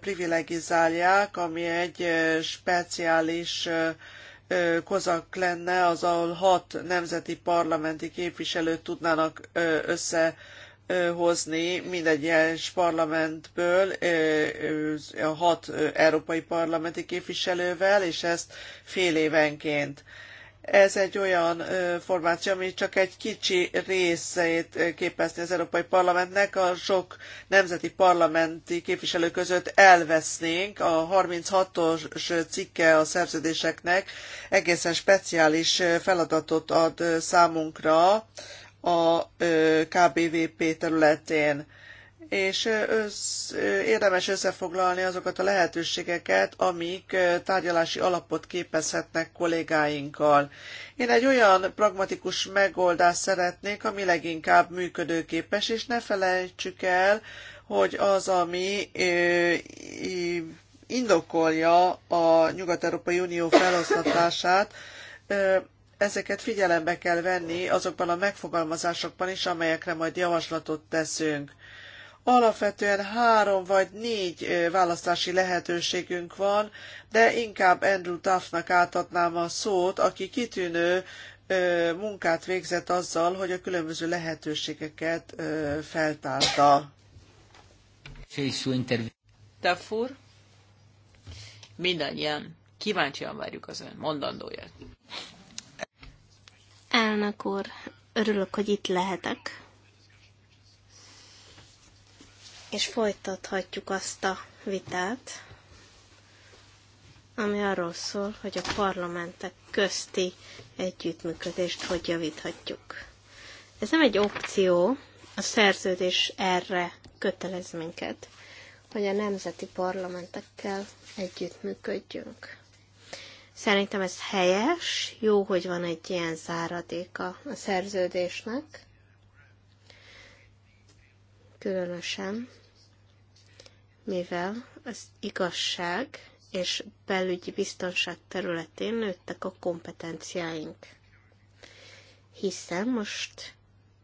privilegizálják, ami egy speciális kozak lenne, az ahol hat nemzeti parlamenti képviselőt tudnának össze hozni mindegy egyes parlamentből a hat európai parlamenti képviselővel, és ezt fél évenként. Ez egy olyan formáció, ami csak egy kicsi részét képezni az Európai Parlamentnek, a sok nemzeti parlamenti képviselő között elvesznénk. A 36-os cikke a szerződéseknek egészen speciális feladatot ad számunkra a KBVP területén és össz, érdemes összefoglalni azokat a lehetőségeket, amik tárgyalási alapot képezhetnek kollégáinkkal. Én egy olyan pragmatikus megoldást szeretnék, ami leginkább működőképes, és ne felejtsük el, hogy az, ami indokolja a Nyugat-Európai Unió felhasználását, ezeket figyelembe kell venni azokban a megfogalmazásokban is, amelyekre majd javaslatot teszünk Alapvetően három vagy négy választási lehetőségünk van, de inkább Andrew Tuffnak átadnám a szót, aki kitűnő munkát végzett azzal, hogy a különböző lehetőségeket feltárta. Duffur, mindannyian kíváncsian várjuk az ön mondandóját. Elnök úr, örülök, hogy itt lehetek. és folytathatjuk azt a vitát, ami arról szól, hogy a parlamentek közti együttműködést hogy javíthatjuk. Ez nem egy opció, a szerződés erre kötelez minket, hogy a nemzeti parlamentekkel együttműködjünk. Szerintem ez helyes, jó, hogy van egy ilyen záradéka a szerződésnek, különösen mivel az igazság és belügyi biztonság területén nőttek a kompetenciáink. Hiszen most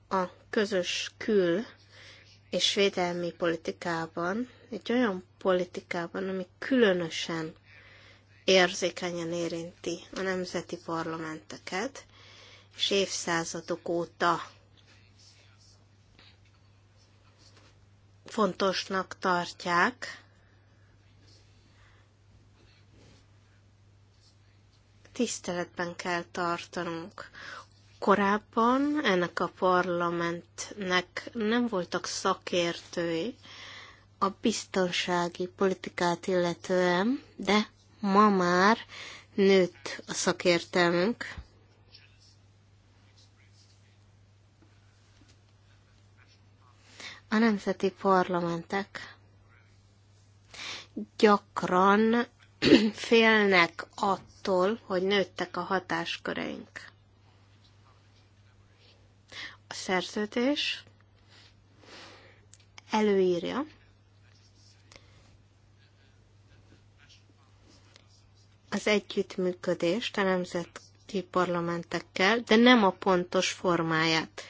a közös kül- és védelmi politikában, egy olyan politikában, ami különösen érzékenyen érinti a nemzeti parlamenteket, és évszázadok óta fontosnak tartják, tiszteletben kell tartanunk. Korábban ennek a parlamentnek nem voltak szakértői a biztonsági politikát illetően, de ma már nőtt a szakértelmünk, a nemzeti parlamentek gyakran félnek attól, hogy nőttek a hatásköreink. A szerződés előírja, az együttműködést a nemzeti parlamentekkel, de nem a pontos formáját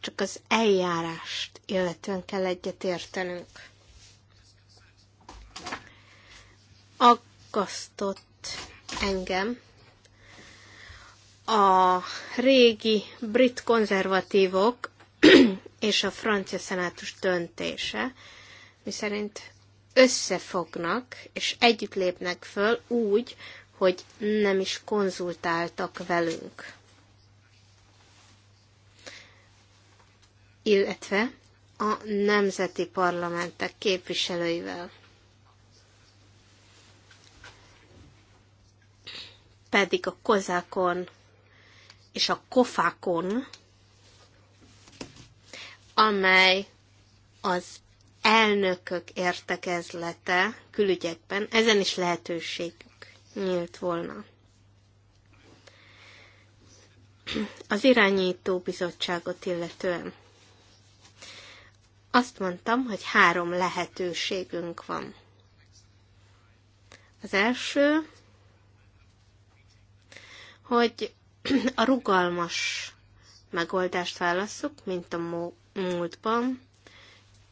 csak az eljárást illetően kell egyetértenünk. Aggasztott engem a régi brit konzervatívok és a francia szenátus döntése, miszerint összefognak és együtt lépnek föl úgy, hogy nem is konzultáltak velünk. illetve a nemzeti parlamentek képviselőivel. Pedig a kozákon és a kofákon, amely az elnökök értekezlete külügyekben, ezen is lehetőségük nyílt volna. Az irányító bizottságot illetően. Azt mondtam, hogy három lehetőségünk van. Az első, hogy a rugalmas megoldást válasszuk, mint a múltban.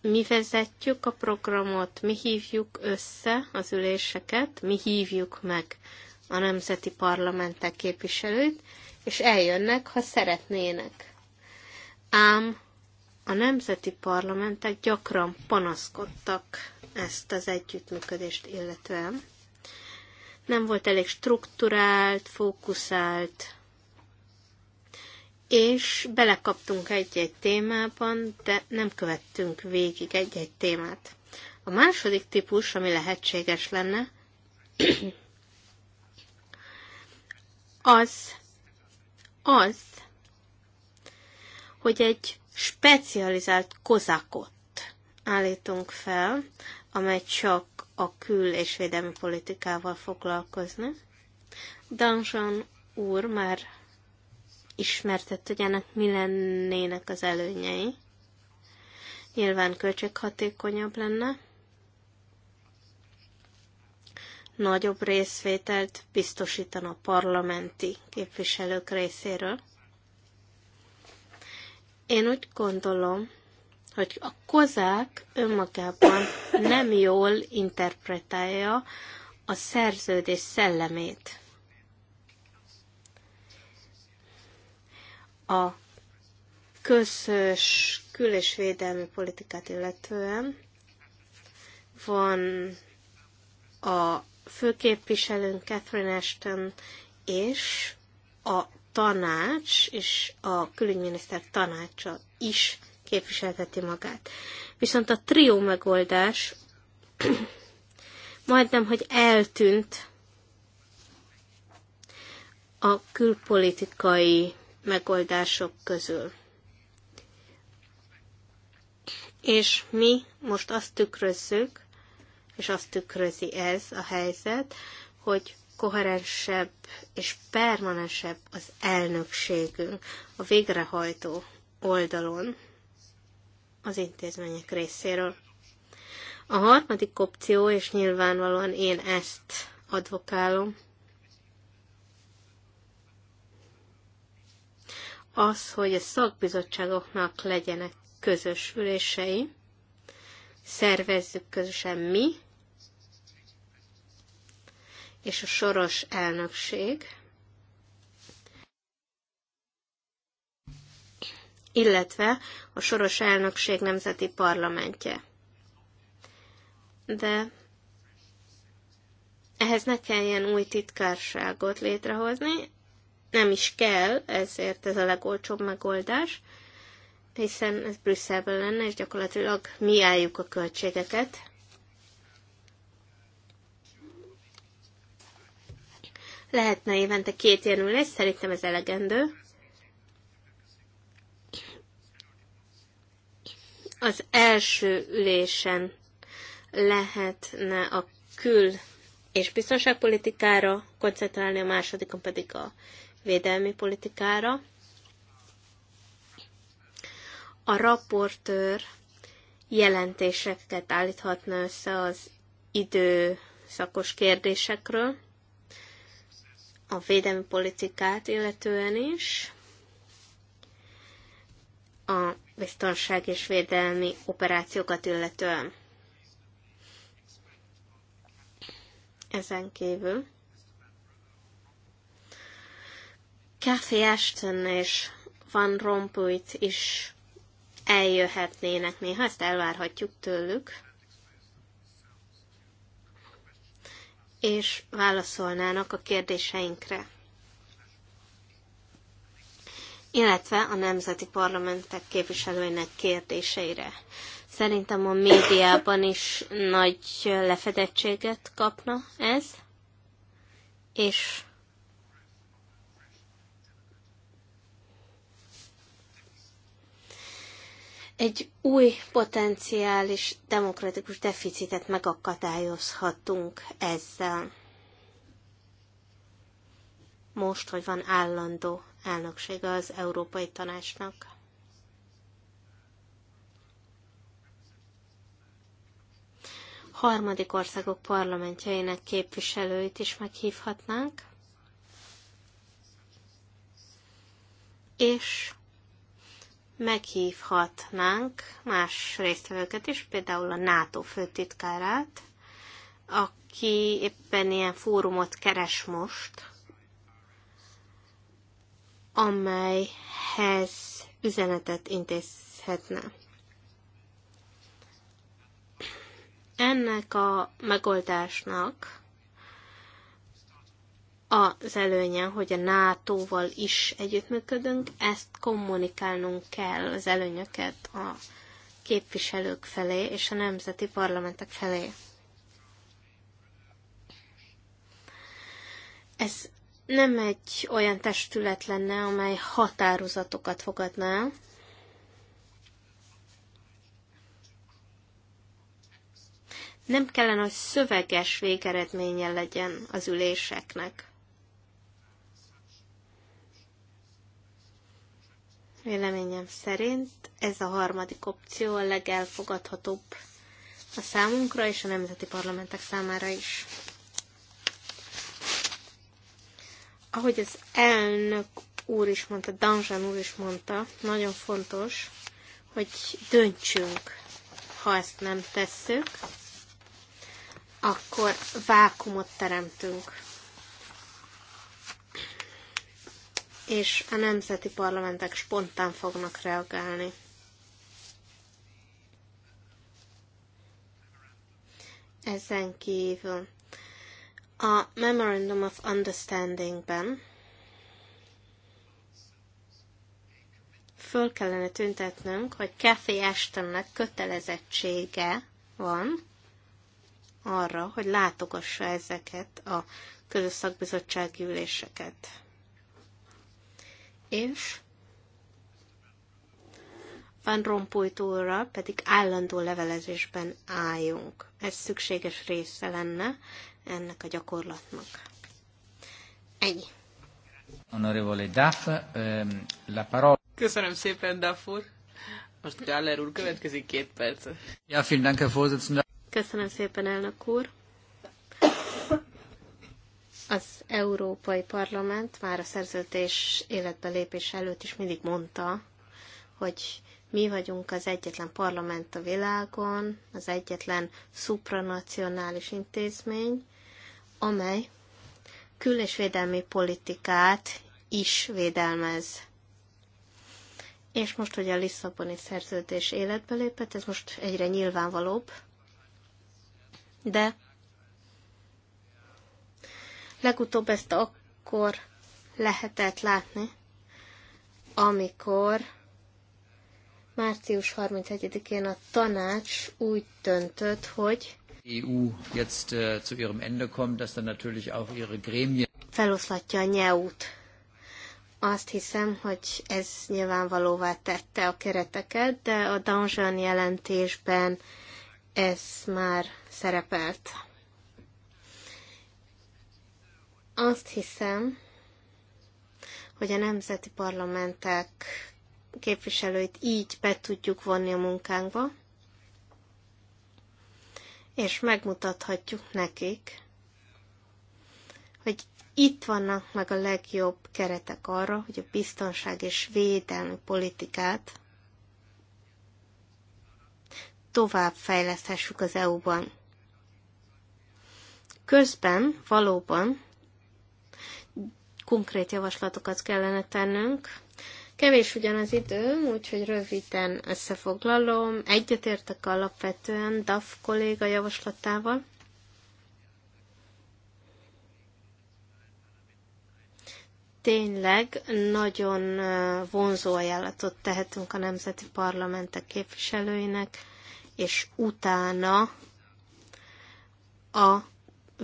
Mi vezetjük a programot, mi hívjuk össze az üléseket, mi hívjuk meg a nemzeti parlamentek képviselőit, és eljönnek, ha szeretnének. Ám a nemzeti parlamentek gyakran panaszkodtak ezt az együttműködést illetően. Nem volt elég strukturált, fókuszált, és belekaptunk egy-egy témában, de nem követtünk végig egy-egy témát. A második típus, ami lehetséges lenne, az, az, hogy egy specializált kozakot állítunk fel, amely csak a kül- és védelmi politikával foglalkozni. Danzsan úr már ismertett, hogy ennek mi lennének az előnyei. Nyilván költséghatékonyabb lenne. Nagyobb részvételt biztosítana a parlamenti képviselők részéről én úgy gondolom, hogy a kozák önmagában nem jól interpretálja a szerződés szellemét. A közös kül- és védelmi politikát illetően van a főképviselőnk Catherine Ashton és a tanács és a külügyminiszter tanácsa is képviselteti magát. Viszont a trió megoldás majdnem, hogy eltűnt a külpolitikai megoldások közül. És mi most azt tükrözzük, és azt tükrözi ez a helyzet, hogy koherensebb és permanensebb az elnökségünk a végrehajtó oldalon az intézmények részéről. A harmadik opció, és nyilvánvalóan én ezt advokálom, az, hogy a szakbizottságoknak legyenek közös ülései, szervezzük közösen mi, és a soros elnökség, illetve a soros elnökség nemzeti parlamentje. De ehhez ne kelljen új titkárságot létrehozni, nem is kell, ezért ez a legolcsóbb megoldás, hiszen ez Brüsszelben lenne, és gyakorlatilag mi álljuk a költségeket. Lehetne évente két ilyen ülés, szerintem ez elegendő. Az első ülésen lehetne a kül- és biztonságpolitikára koncentrálni, a másodikon pedig a védelmi politikára. A raportőr jelentéseket állíthatna össze az időszakos kérdésekről, a védelmi politikát illetően is, a biztonság és védelmi operációkat illetően. Ezen kívül Kathy Ashton és Van Rompuyt is eljöhetnének néha, ezt elvárhatjuk tőlük. és válaszolnának a kérdéseinkre. Illetve a nemzeti parlamentek képviselőinek kérdéseire. Szerintem a médiában is nagy lefedettséget kapna ez, és egy új potenciális demokratikus deficitet megakadályozhatunk ezzel. Most, hogy van állandó elnöksége az Európai Tanácsnak. Harmadik országok parlamentjeinek képviselőit is meghívhatnánk, és meghívhatnánk más résztvevőket is, például a NATO főtitkárát, aki éppen ilyen fórumot keres most, amelyhez üzenetet intézhetne. Ennek a megoldásnak az előnye, hogy a NATO-val is együttműködünk, ezt kommunikálnunk kell az előnyöket a képviselők felé és a nemzeti parlamentek felé. Ez nem egy olyan testület lenne, amely határozatokat fogadná, nem kellene, hogy szöveges végeredménye legyen az üléseknek. Véleményem szerint ez a harmadik opció a legelfogadhatóbb a számunkra és a nemzeti parlamentek számára is. Ahogy az elnök úr is mondta, Danzsán úr is mondta, nagyon fontos, hogy döntsünk, ha ezt nem tesszük, akkor vákumot teremtünk. és a nemzeti parlamentek spontán fognak reagálni. Ezen kívül a Memorandum of Understanding-ben föl kellene tüntetnünk, hogy Kathy Ashtonnek kötelezettsége van arra, hogy látogassa ezeket a közösszakbizottsági üléseket és Van rompújtóra, pedig állandó levelezésben álljunk. Ez szükséges része lenne ennek a gyakorlatnak. Ennyi. Honorevole Duff, ehm, la parola. Köszönöm szépen, Duff úr. Most Gáller úr következik két perc. Ja, vielen Dank, Herr Vorsitzender. Köszönöm szépen, elnök úr. Az Európai Parlament már a szerződés életbe lépés előtt is mindig mondta, hogy mi vagyunk az egyetlen parlament a világon, az egyetlen supranacionális intézmény, amely kül- és védelmi politikát is védelmez. És most, hogy a Lisszaboni szerződés életbe lépett, ez most egyre nyilvánvalóbb, de Legutóbb ezt akkor lehetett látni, amikor március 31-én a tanács úgy döntött, hogy EU jetzt uh, zu ihrem Ende kommt, dass dann natürlich auch ihre Gremien feloszlatja a nyelvút. Azt hiszem, hogy ez nyilvánvalóvá tette a kereteket, de a Dungeon jelentésben ez már szerepelt. Azt hiszem, hogy a nemzeti parlamentek képviselőit így be tudjuk vonni a munkánkba, és megmutathatjuk nekik, hogy itt vannak meg a legjobb keretek arra, hogy a biztonság és védelmi politikát továbbfejleszthessük az EU-ban. Közben valóban konkrét javaslatokat kellene tennünk. Kevés ugyan az időm, úgyhogy röviden összefoglalom. Egyetértek alapvetően DAF kolléga javaslatával. Tényleg nagyon vonzó ajánlatot tehetünk a nemzeti parlamentek képviselőinek, és utána a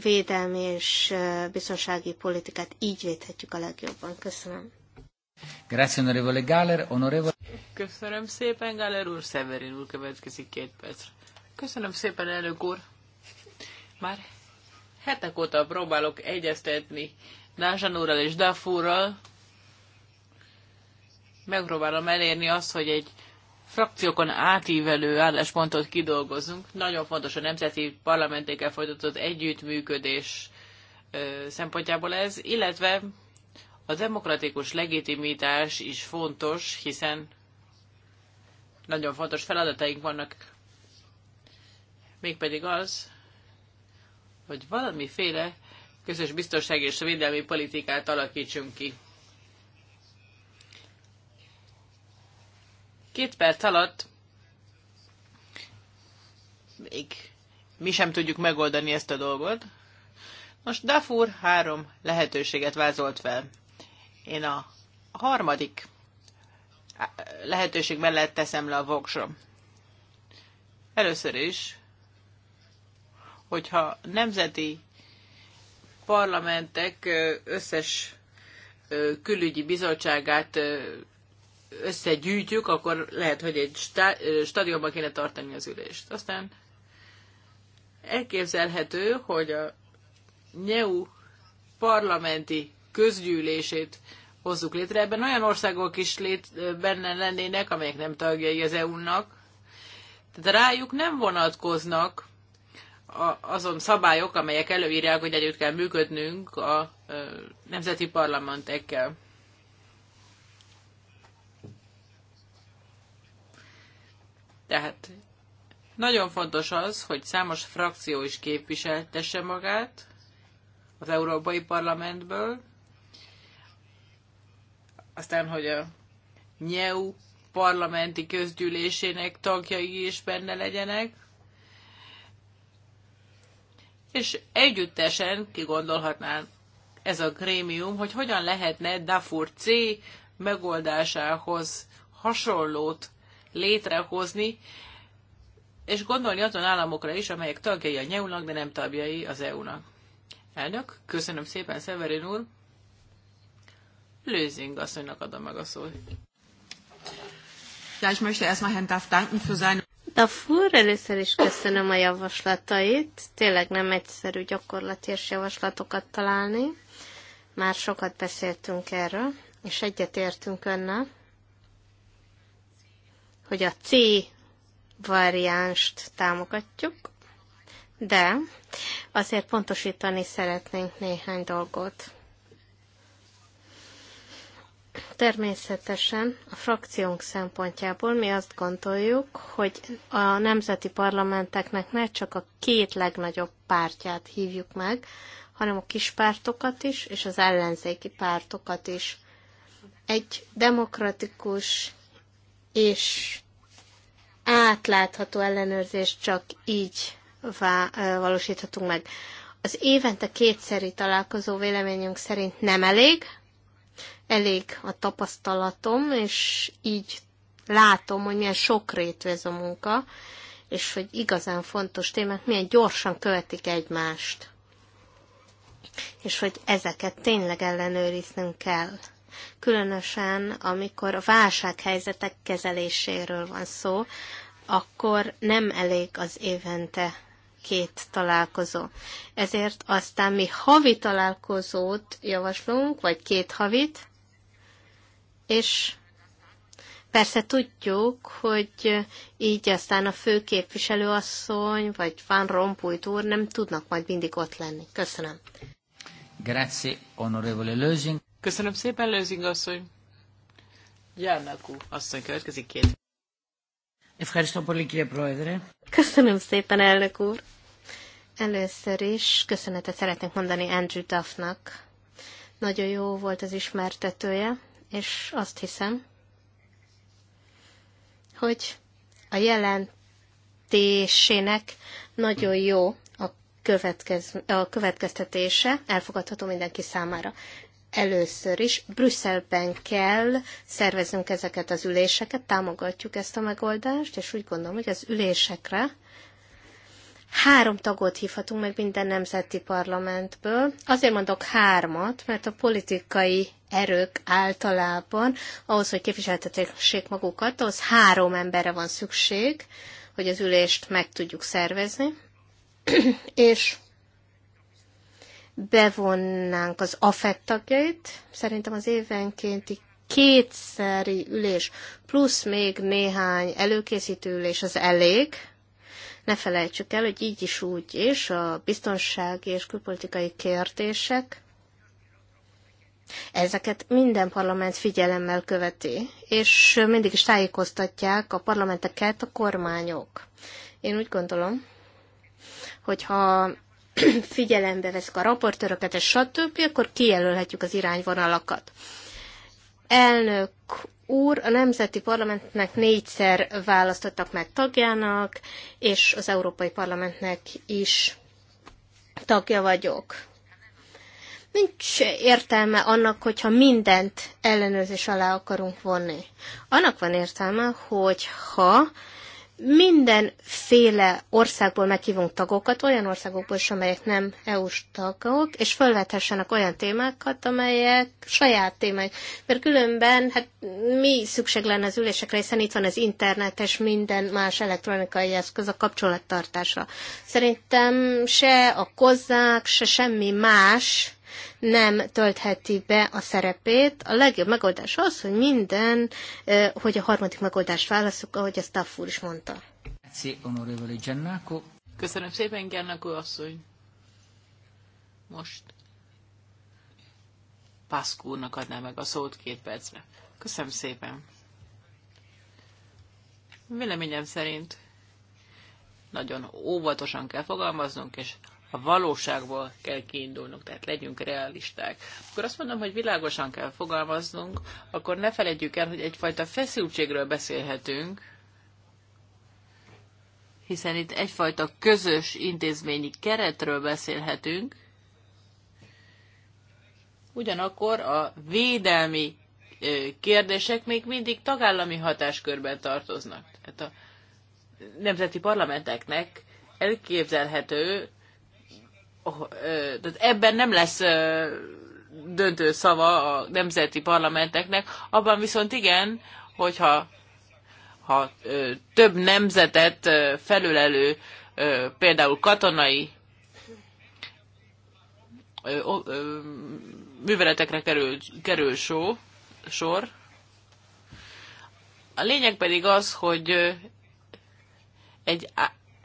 védelmi és biztonsági politikát így védhetjük a legjobban. Köszönöm. Grazie, onorevole Galler. Onorevole... Köszönöm szépen, Galler úr. Severin úr következik két percre. Köszönöm szépen, elnök úr. Már hetek óta próbálok egyeztetni Dázsan úrral és Dafúrral. Megpróbálom elérni azt, hogy egy frakciókon átívelő álláspontot kidolgozunk. Nagyon fontos a nemzeti parlamentékkel folytatott együttműködés szempontjából ez, illetve a demokratikus legitimitás is fontos, hiszen nagyon fontos feladataink vannak, mégpedig az, hogy valamiféle közös biztonság és védelmi politikát alakítsunk ki. Két perc alatt még mi sem tudjuk megoldani ezt a dolgot. Most Dafur három lehetőséget vázolt fel. Én a harmadik lehetőség mellett teszem le a voksom. Először is, hogyha nemzeti parlamentek összes külügyi bizottságát összegyűjtjük, akkor lehet, hogy egy stadionban kéne tartani az ülést. Aztán elképzelhető, hogy a NEU parlamenti közgyűlését hozzuk létre. Ebben olyan országok is lét, benne lennének, amelyek nem tagjai az EU-nak. Tehát rájuk nem vonatkoznak a, azon szabályok, amelyek előírják, hogy együtt kell működnünk a, a nemzeti parlamentekkel. Tehát nagyon fontos az, hogy számos frakció is képviseltesse magát az Európai Parlamentből, aztán, hogy a NYEU parlamenti közgyűlésének tagjai is benne legyenek, és együttesen kigondolhatnánk ez a grémium, hogy hogyan lehetne Dafur C megoldásához hasonlót létrehozni, és gondolni azon államokra is, amelyek tagjai a neu de nem tagjai az EU-nak. Elnök, köszönöm szépen, Severin úr. Lőzing asszonynak adom meg a szót. Ja, ich először is köszönöm a javaslatait. Tényleg nem egyszerű gyakorlatilag javaslatokat találni. Már sokat beszéltünk erről, és egyetértünk önnel hogy a C variánst támogatjuk, de azért pontosítani szeretnénk néhány dolgot. Természetesen a frakciónk szempontjából mi azt gondoljuk, hogy a nemzeti parlamenteknek ne csak a két legnagyobb pártját hívjuk meg, hanem a kis pártokat is, és az ellenzéki pártokat is. Egy demokratikus és átlátható ellenőrzést csak így valósíthatunk meg. Az évente kétszeri találkozó véleményünk szerint nem elég, elég a tapasztalatom, és így látom, hogy milyen sokrétű ez a munka, és hogy igazán fontos témák milyen gyorsan követik egymást. És hogy ezeket tényleg ellenőriznünk kell különösen amikor a válsághelyzetek kezeléséről van szó, akkor nem elég az évente két találkozó. Ezért aztán mi havi találkozót javaslunk, vagy két havit, és persze tudjuk, hogy így aztán a főképviselő asszony, vagy Van Rompuy úr nem tudnak majd mindig ott lenni. Köszönöm. Grazie, onorevole Lőzing. Köszönöm szépen, Lőzing asszony. Gyárnákú asszony következik két. Köszönöm szépen, elnök úr. Először is köszönetet szeretnék mondani Andrew Duffnak. Nagyon jó volt az ismertetője, és azt hiszem, hogy a jelentésének nagyon jó a, következ, a következtetése, elfogadható mindenki számára először is Brüsszelben kell szervezünk ezeket az üléseket, támogatjuk ezt a megoldást, és úgy gondolom, hogy az ülésekre három tagot hívhatunk meg minden nemzeti parlamentből. Azért mondok hármat, mert a politikai erők általában ahhoz, hogy képviseltetessék magukat, ahhoz három emberre van szükség, hogy az ülést meg tudjuk szervezni. és bevonnánk az AFET tagjait. Szerintem az évenkénti kétszeri ülés, plusz még néhány előkészítő ülés az elég. Ne felejtsük el, hogy így is úgy is a biztonsági és külpolitikai kérdések Ezeket minden parlament figyelemmel követi, és mindig is tájékoztatják a parlamenteket a kormányok. Én úgy gondolom, hogyha figyelembe veszik a raportőröket, és stb., akkor kijelölhetjük az irányvonalakat. Elnök úr, a Nemzeti Parlamentnek négyszer választottak meg tagjának, és az Európai Parlamentnek is tagja vagyok. Nincs értelme annak, hogyha mindent ellenőrzés alá akarunk vonni. Annak van értelme, hogyha mindenféle országból meghívunk tagokat, olyan országokból is, amelyek nem EU-s tagok, és felvethessenek olyan témákat, amelyek saját témák. Mert különben, hát mi szükség lenne az ülésekre, hiszen itt van az internet és minden más elektronikai eszköz a kapcsolattartásra. Szerintem se a kozzák, se semmi más nem töltheti be a szerepét. A legjobb megoldás az, hogy minden, hogy a harmadik megoldást válaszok, ahogy a Staff úr is mondta. Köszönöm szépen, Gernákó asszony. Most Pászkó úrnak adná meg a szót két percre. Köszönöm szépen. Véleményem szerint nagyon óvatosan kell fogalmaznunk, és a valóságból kell kiindulnunk, tehát legyünk realisták. Akkor azt mondom, hogy világosan kell fogalmaznunk, akkor ne felejtjük el, hogy egyfajta feszültségről beszélhetünk, hiszen itt egyfajta közös intézményi keretről beszélhetünk, ugyanakkor a védelmi kérdések még mindig tagállami hatáskörben tartoznak. Tehát a nemzeti parlamenteknek elképzelhető Oh, tehát ebben nem lesz döntő szava a nemzeti parlamenteknek, abban viszont igen, hogyha ha több nemzetet felülelő, például katonai műveletekre kerül, kerül só, sor. A lényeg pedig az, hogy egy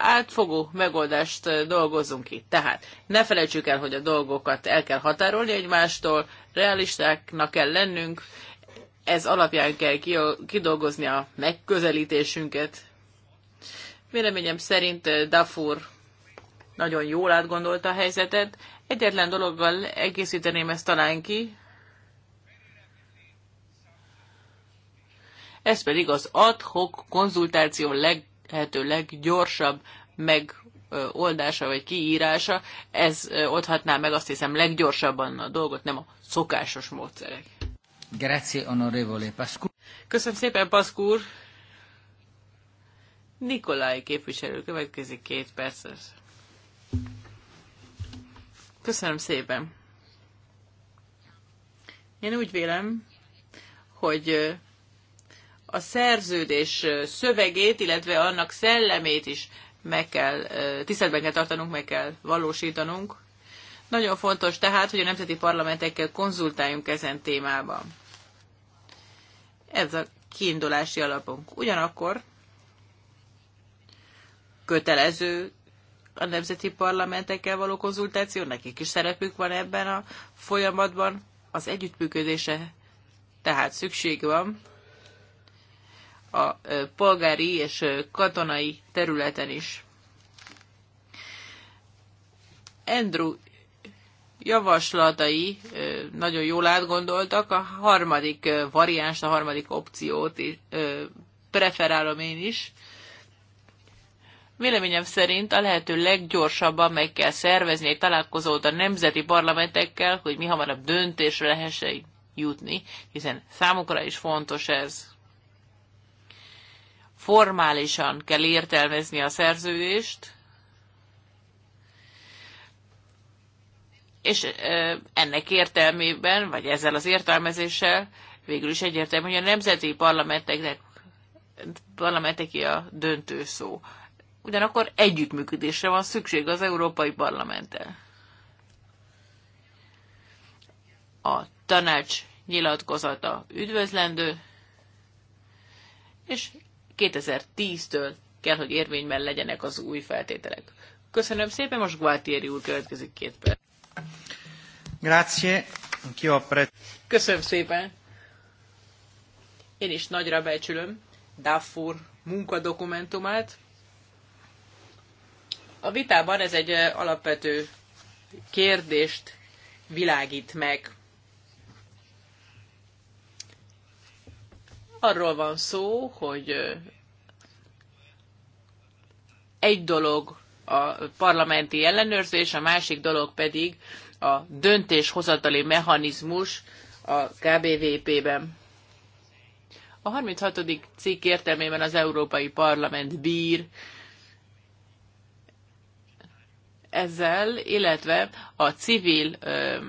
átfogó megoldást dolgozunk ki. Tehát ne felejtsük el, hogy a dolgokat el kell határolni egymástól, realistáknak kell lennünk, ez alapján kell kidolgozni a megközelítésünket. Véleményem szerint Dafur nagyon jól átgondolta a helyzetet. Egyetlen dologgal egészíteném ezt talán ki, ez pedig az ad hoc konzultáció leg lehető leggyorsabb megoldása vagy kiírása, ez oldhatná meg azt hiszem leggyorsabban a dolgot, nem a szokásos módszerek. Grazie, onorevole Pascur. Köszönöm szépen, Pascur. Nikolai képviselő következik két perces. Köszönöm szépen! Én úgy vélem, hogy a szerződés szövegét, illetve annak szellemét is meg kell, tiszteletben kell tartanunk, meg kell valósítanunk. Nagyon fontos tehát, hogy a nemzeti parlamentekkel konzultáljunk ezen témában. Ez a kiindulási alapunk. Ugyanakkor kötelező a nemzeti parlamentekkel való konzultáció, nekik is szerepük van ebben a folyamatban, az együttműködése tehát szükség van a polgári és katonai területen is. Andrew javaslatai nagyon jól átgondoltak, a harmadik variáns, a harmadik opciót preferálom én is. Véleményem szerint a lehető leggyorsabban meg kell szervezni egy találkozót a nemzeti parlamentekkel, hogy mi hamarabb döntésre lehessen jutni, hiszen számukra is fontos ez formálisan kell értelmezni a szerződést, és ennek értelmében, vagy ezzel az értelmezéssel végül is egyértelmű, hogy a nemzeti parlamenteknek parlamenteké a döntő szó. Ugyanakkor együttműködésre van szükség az Európai Parlamenttel. A tanács nyilatkozata üdvözlendő, és 2010-től kell, hogy érvényben legyenek az új feltételek. Köszönöm szépen, most Gualtieri úr következik két perc. Grazie. Köszönöm szépen. Én is nagyra becsülöm Duffur munkadokumentumát. A vitában ez egy eh, alapvető kérdést világít meg. Arról van szó, hogy egy dolog a parlamenti ellenőrzés, a másik dolog pedig a döntéshozatali mechanizmus a KBVP-ben. A 36. cikk értelmében az Európai Parlament bír ezzel, illetve a civil ö,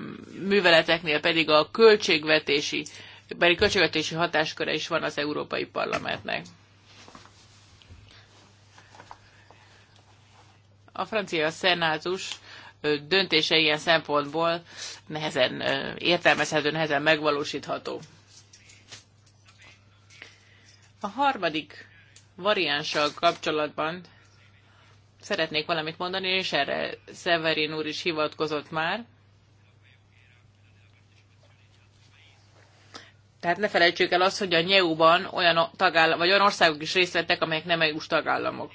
műveleteknél pedig a költségvetési ö, beli költségvetési hatásköre is van az Európai Parlamentnek. A francia szenátus döntése ilyen szempontból nehezen értelmezhető, nehezen megvalósítható. A harmadik variánssal kapcsolatban szeretnék valamit mondani, és erre Severin úr is hivatkozott már. Tehát ne felejtsük el azt, hogy a NEU-ban olyan, tagállam, vagy olyan országok is részt vettek, amelyek nem EU-s tagállamok.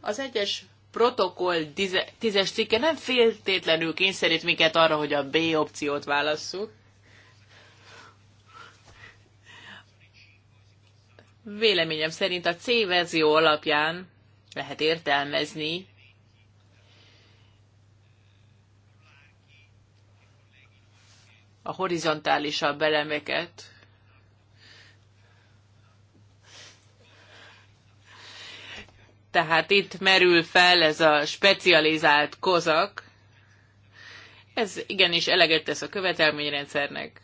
Az egyes protokoll 10-es cikke nem féltétlenül kényszerít minket arra, hogy a B opciót válasszuk. Véleményem szerint a C verzió alapján lehet értelmezni a horizontálisabb elemeket. Tehát itt merül fel ez a specializált kozak. Ez igenis eleget tesz a követelményrendszernek.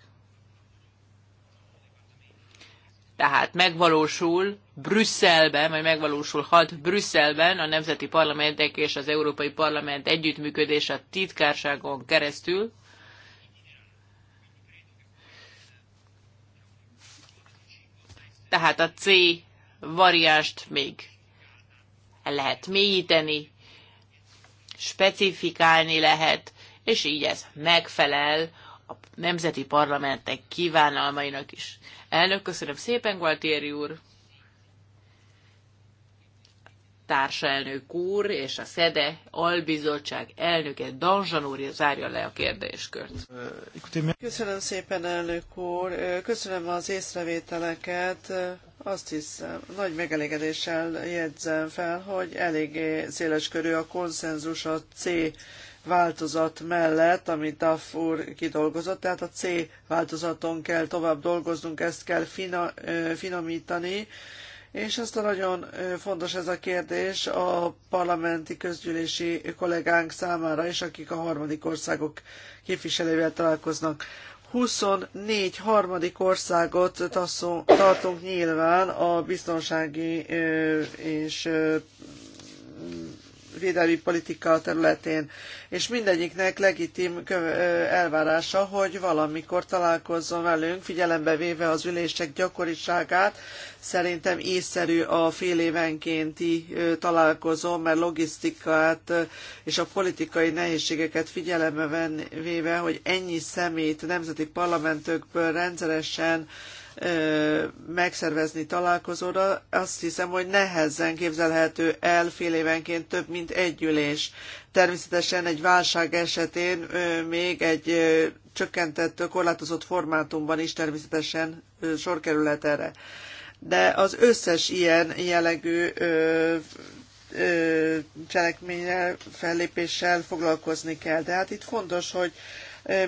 tehát megvalósul Brüsszelben, vagy megvalósulhat Brüsszelben a nemzeti parlamentek és az Európai Parlament együttműködés a titkárságon keresztül. tehát a C variást még lehet mélyíteni, specifikálni lehet, és így ez megfelel a nemzeti parlamentek kívánalmainak is. Elnök, köszönöm szépen, Gualtieri úr! társelnök úr és a SZEDE albizottság elnöke Danzsan úr zárja le a kérdéskört. Köszönöm szépen, elnök úr. Köszönöm az észrevételeket. Azt hiszem, nagy megelégedéssel jegyzem fel, hogy eléggé körű a konszenzus a C változat mellett, amit a úr kidolgozott, tehát a C változaton kell tovább dolgoznunk, ezt kell fina, finomítani, és a nagyon fontos ez a kérdés a parlamenti közgyűlési kollégánk számára is, akik a harmadik országok képviselővel találkoznak. 24 harmadik országot tartunk nyilván a biztonsági és védelmi politika területén, és mindegyiknek legitim elvárása, hogy valamikor találkozzon velünk, figyelembe véve az ülések gyakoriságát, szerintem észszerű a fél évenkénti találkozó, mert logisztikát és a politikai nehézségeket figyelembe véve, hogy ennyi szemét nemzeti parlamentökből rendszeresen megszervezni találkozóra, azt hiszem, hogy nehezen képzelhető el fél évenként több mint egy ülés. Természetesen egy válság esetén még egy csökkentett, korlátozott formátumban is természetesen sor kerülhet erre. De az összes ilyen jellegű cselekményre, fellépéssel foglalkozni kell. De hát itt fontos, hogy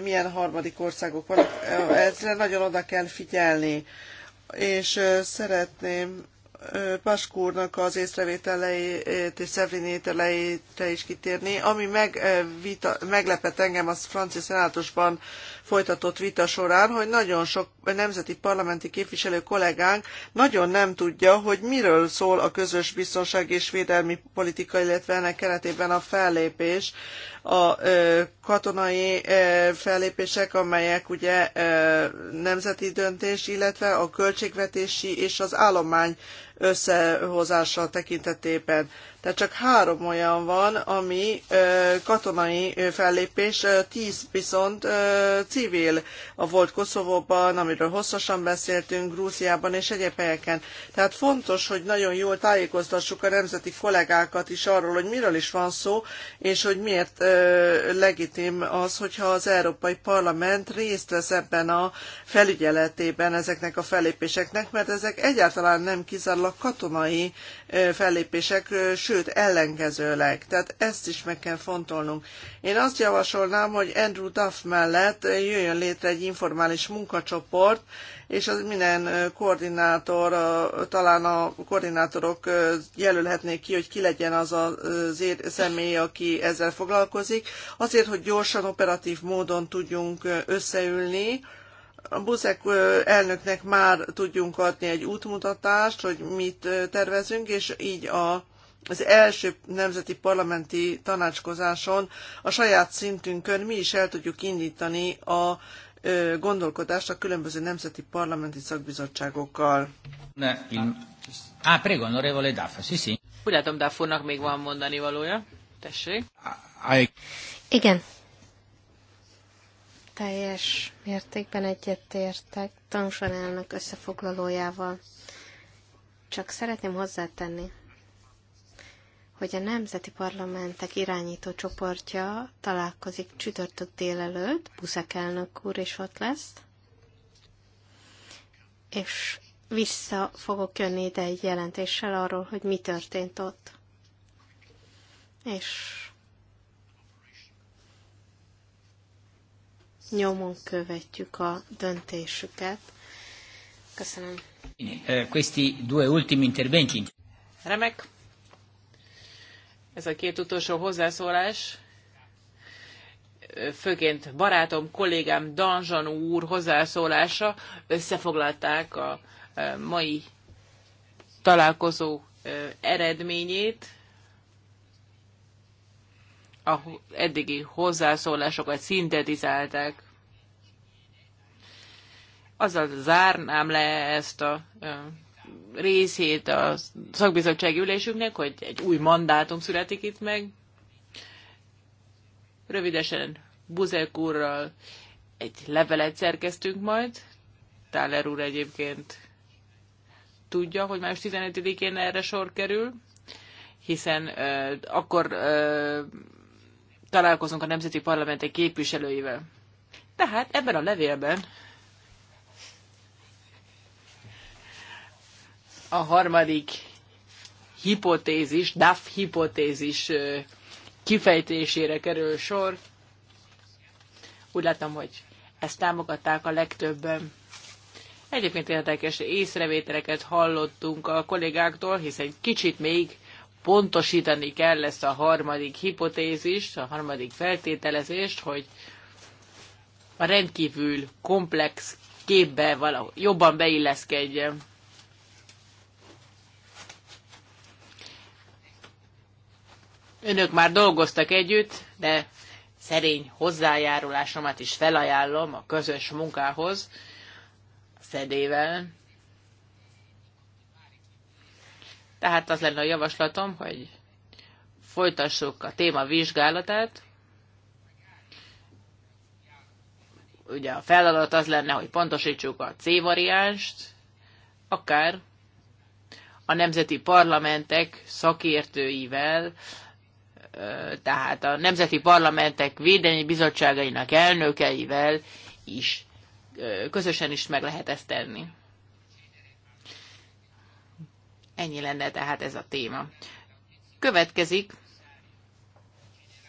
milyen harmadik országok vannak. Ezre nagyon oda kell figyelni. És szeretném Paskúrnak az észrevételeit és Szevrin ételeit is kitérni. Ami megvita, meglepett engem, az francia szenátusban folytatott vita során, hogy nagyon sok nemzeti parlamenti képviselő kollégánk nagyon nem tudja, hogy miről szól a közös biztonság és védelmi politika, illetve ennek keretében a fellépés, a katonai fellépések, amelyek ugye nemzeti döntés, illetve a költségvetési és az állomány összehozása tekintetében. Tehát csak három olyan van, ami katonai fellépés, tíz viszont civil. A volt Koszovóban, amiről hosszasan beszéltünk, Grúziában és egyéb helyeken. Tehát fontos, hogy nagyon jól tájékoztassuk a nemzeti kollégákat is arról, hogy miről is van szó, és hogy miért legitim az, hogyha az Európai Parlament részt vesz ebben a felügyeletében ezeknek a fellépéseknek, mert ezek egyáltalán nem kizárólag a katonai fellépések, sőt ellenkezőleg. Tehát ezt is meg kell fontolnunk. Én azt javasolnám, hogy Andrew Duff mellett jöjjön létre egy informális munkacsoport, és az minden koordinátor, talán a koordinátorok jelölhetnék ki, hogy ki legyen az a személy, aki ezzel foglalkozik, azért, hogy gyorsan, operatív módon tudjunk összeülni, a Buzek elnöknek már tudjunk adni egy útmutatást, hogy mit tervezünk, és így a, az első nemzeti parlamenti tanácskozáson a saját szintünkön mi is el tudjuk indítani a gondolkodást a különböző nemzeti parlamenti szakbizottságokkal. Ne, in... Á, ah, prego, onorevole Daffa, sí, sí. Úgy látom, Daffurnak még van mondani valója. Tessék. I... Igen, teljes mértékben egyetértek tanúsanálnak összefoglalójával. Csak szeretném hozzátenni, hogy a Nemzeti Parlamentek irányító csoportja találkozik csütörtök délelőtt, Buszek elnök úr is ott lesz, és vissza fogok jönni ide egy jelentéssel arról, hogy mi történt ott. És nyomon követjük a döntésüket. Köszönöm. Eh, questi due ultimi interventi. Remek. Ez a két utolsó hozzászólás főként barátom, kollégám Danzsan úr hozzászólása összefoglalták a eh, mai találkozó eh, eredményét a eddigi hozzászólásokat szintetizálták. Azzal zárnám le ezt a részét a szakbizottsági ülésünknek, hogy egy új mandátum születik itt meg. Rövidesen Buzek úrral egy levelet szerkeztünk majd. Táler úr egyébként tudja, hogy május 15-én erre sor kerül, hiszen uh, akkor uh, találkozunk a nemzeti parlamentek képviselőivel. Tehát ebben a levélben a harmadik hipotézis, DAF hipotézis kifejtésére kerül sor. Úgy láttam, hogy ezt támogatták a legtöbben. Egyébként érdekes észrevételeket hallottunk a kollégáktól, hiszen kicsit még pontosítani kell ezt a harmadik hipotézist, a harmadik feltételezést, hogy a rendkívül komplex képbe valahogy jobban beilleszkedjen. Önök már dolgoztak együtt, de szerény hozzájárulásomat is felajánlom a közös munkához, szedével, Tehát az lenne a javaslatom, hogy folytassuk a téma vizsgálatát. Ugye a feladat az lenne, hogy pontosítsuk a C variánst, akár a nemzeti parlamentek szakértőivel, tehát a nemzeti parlamentek védelmi bizottságainak elnökeivel is közösen is meg lehet ezt tenni. Ennyi lenne tehát ez a téma. Következik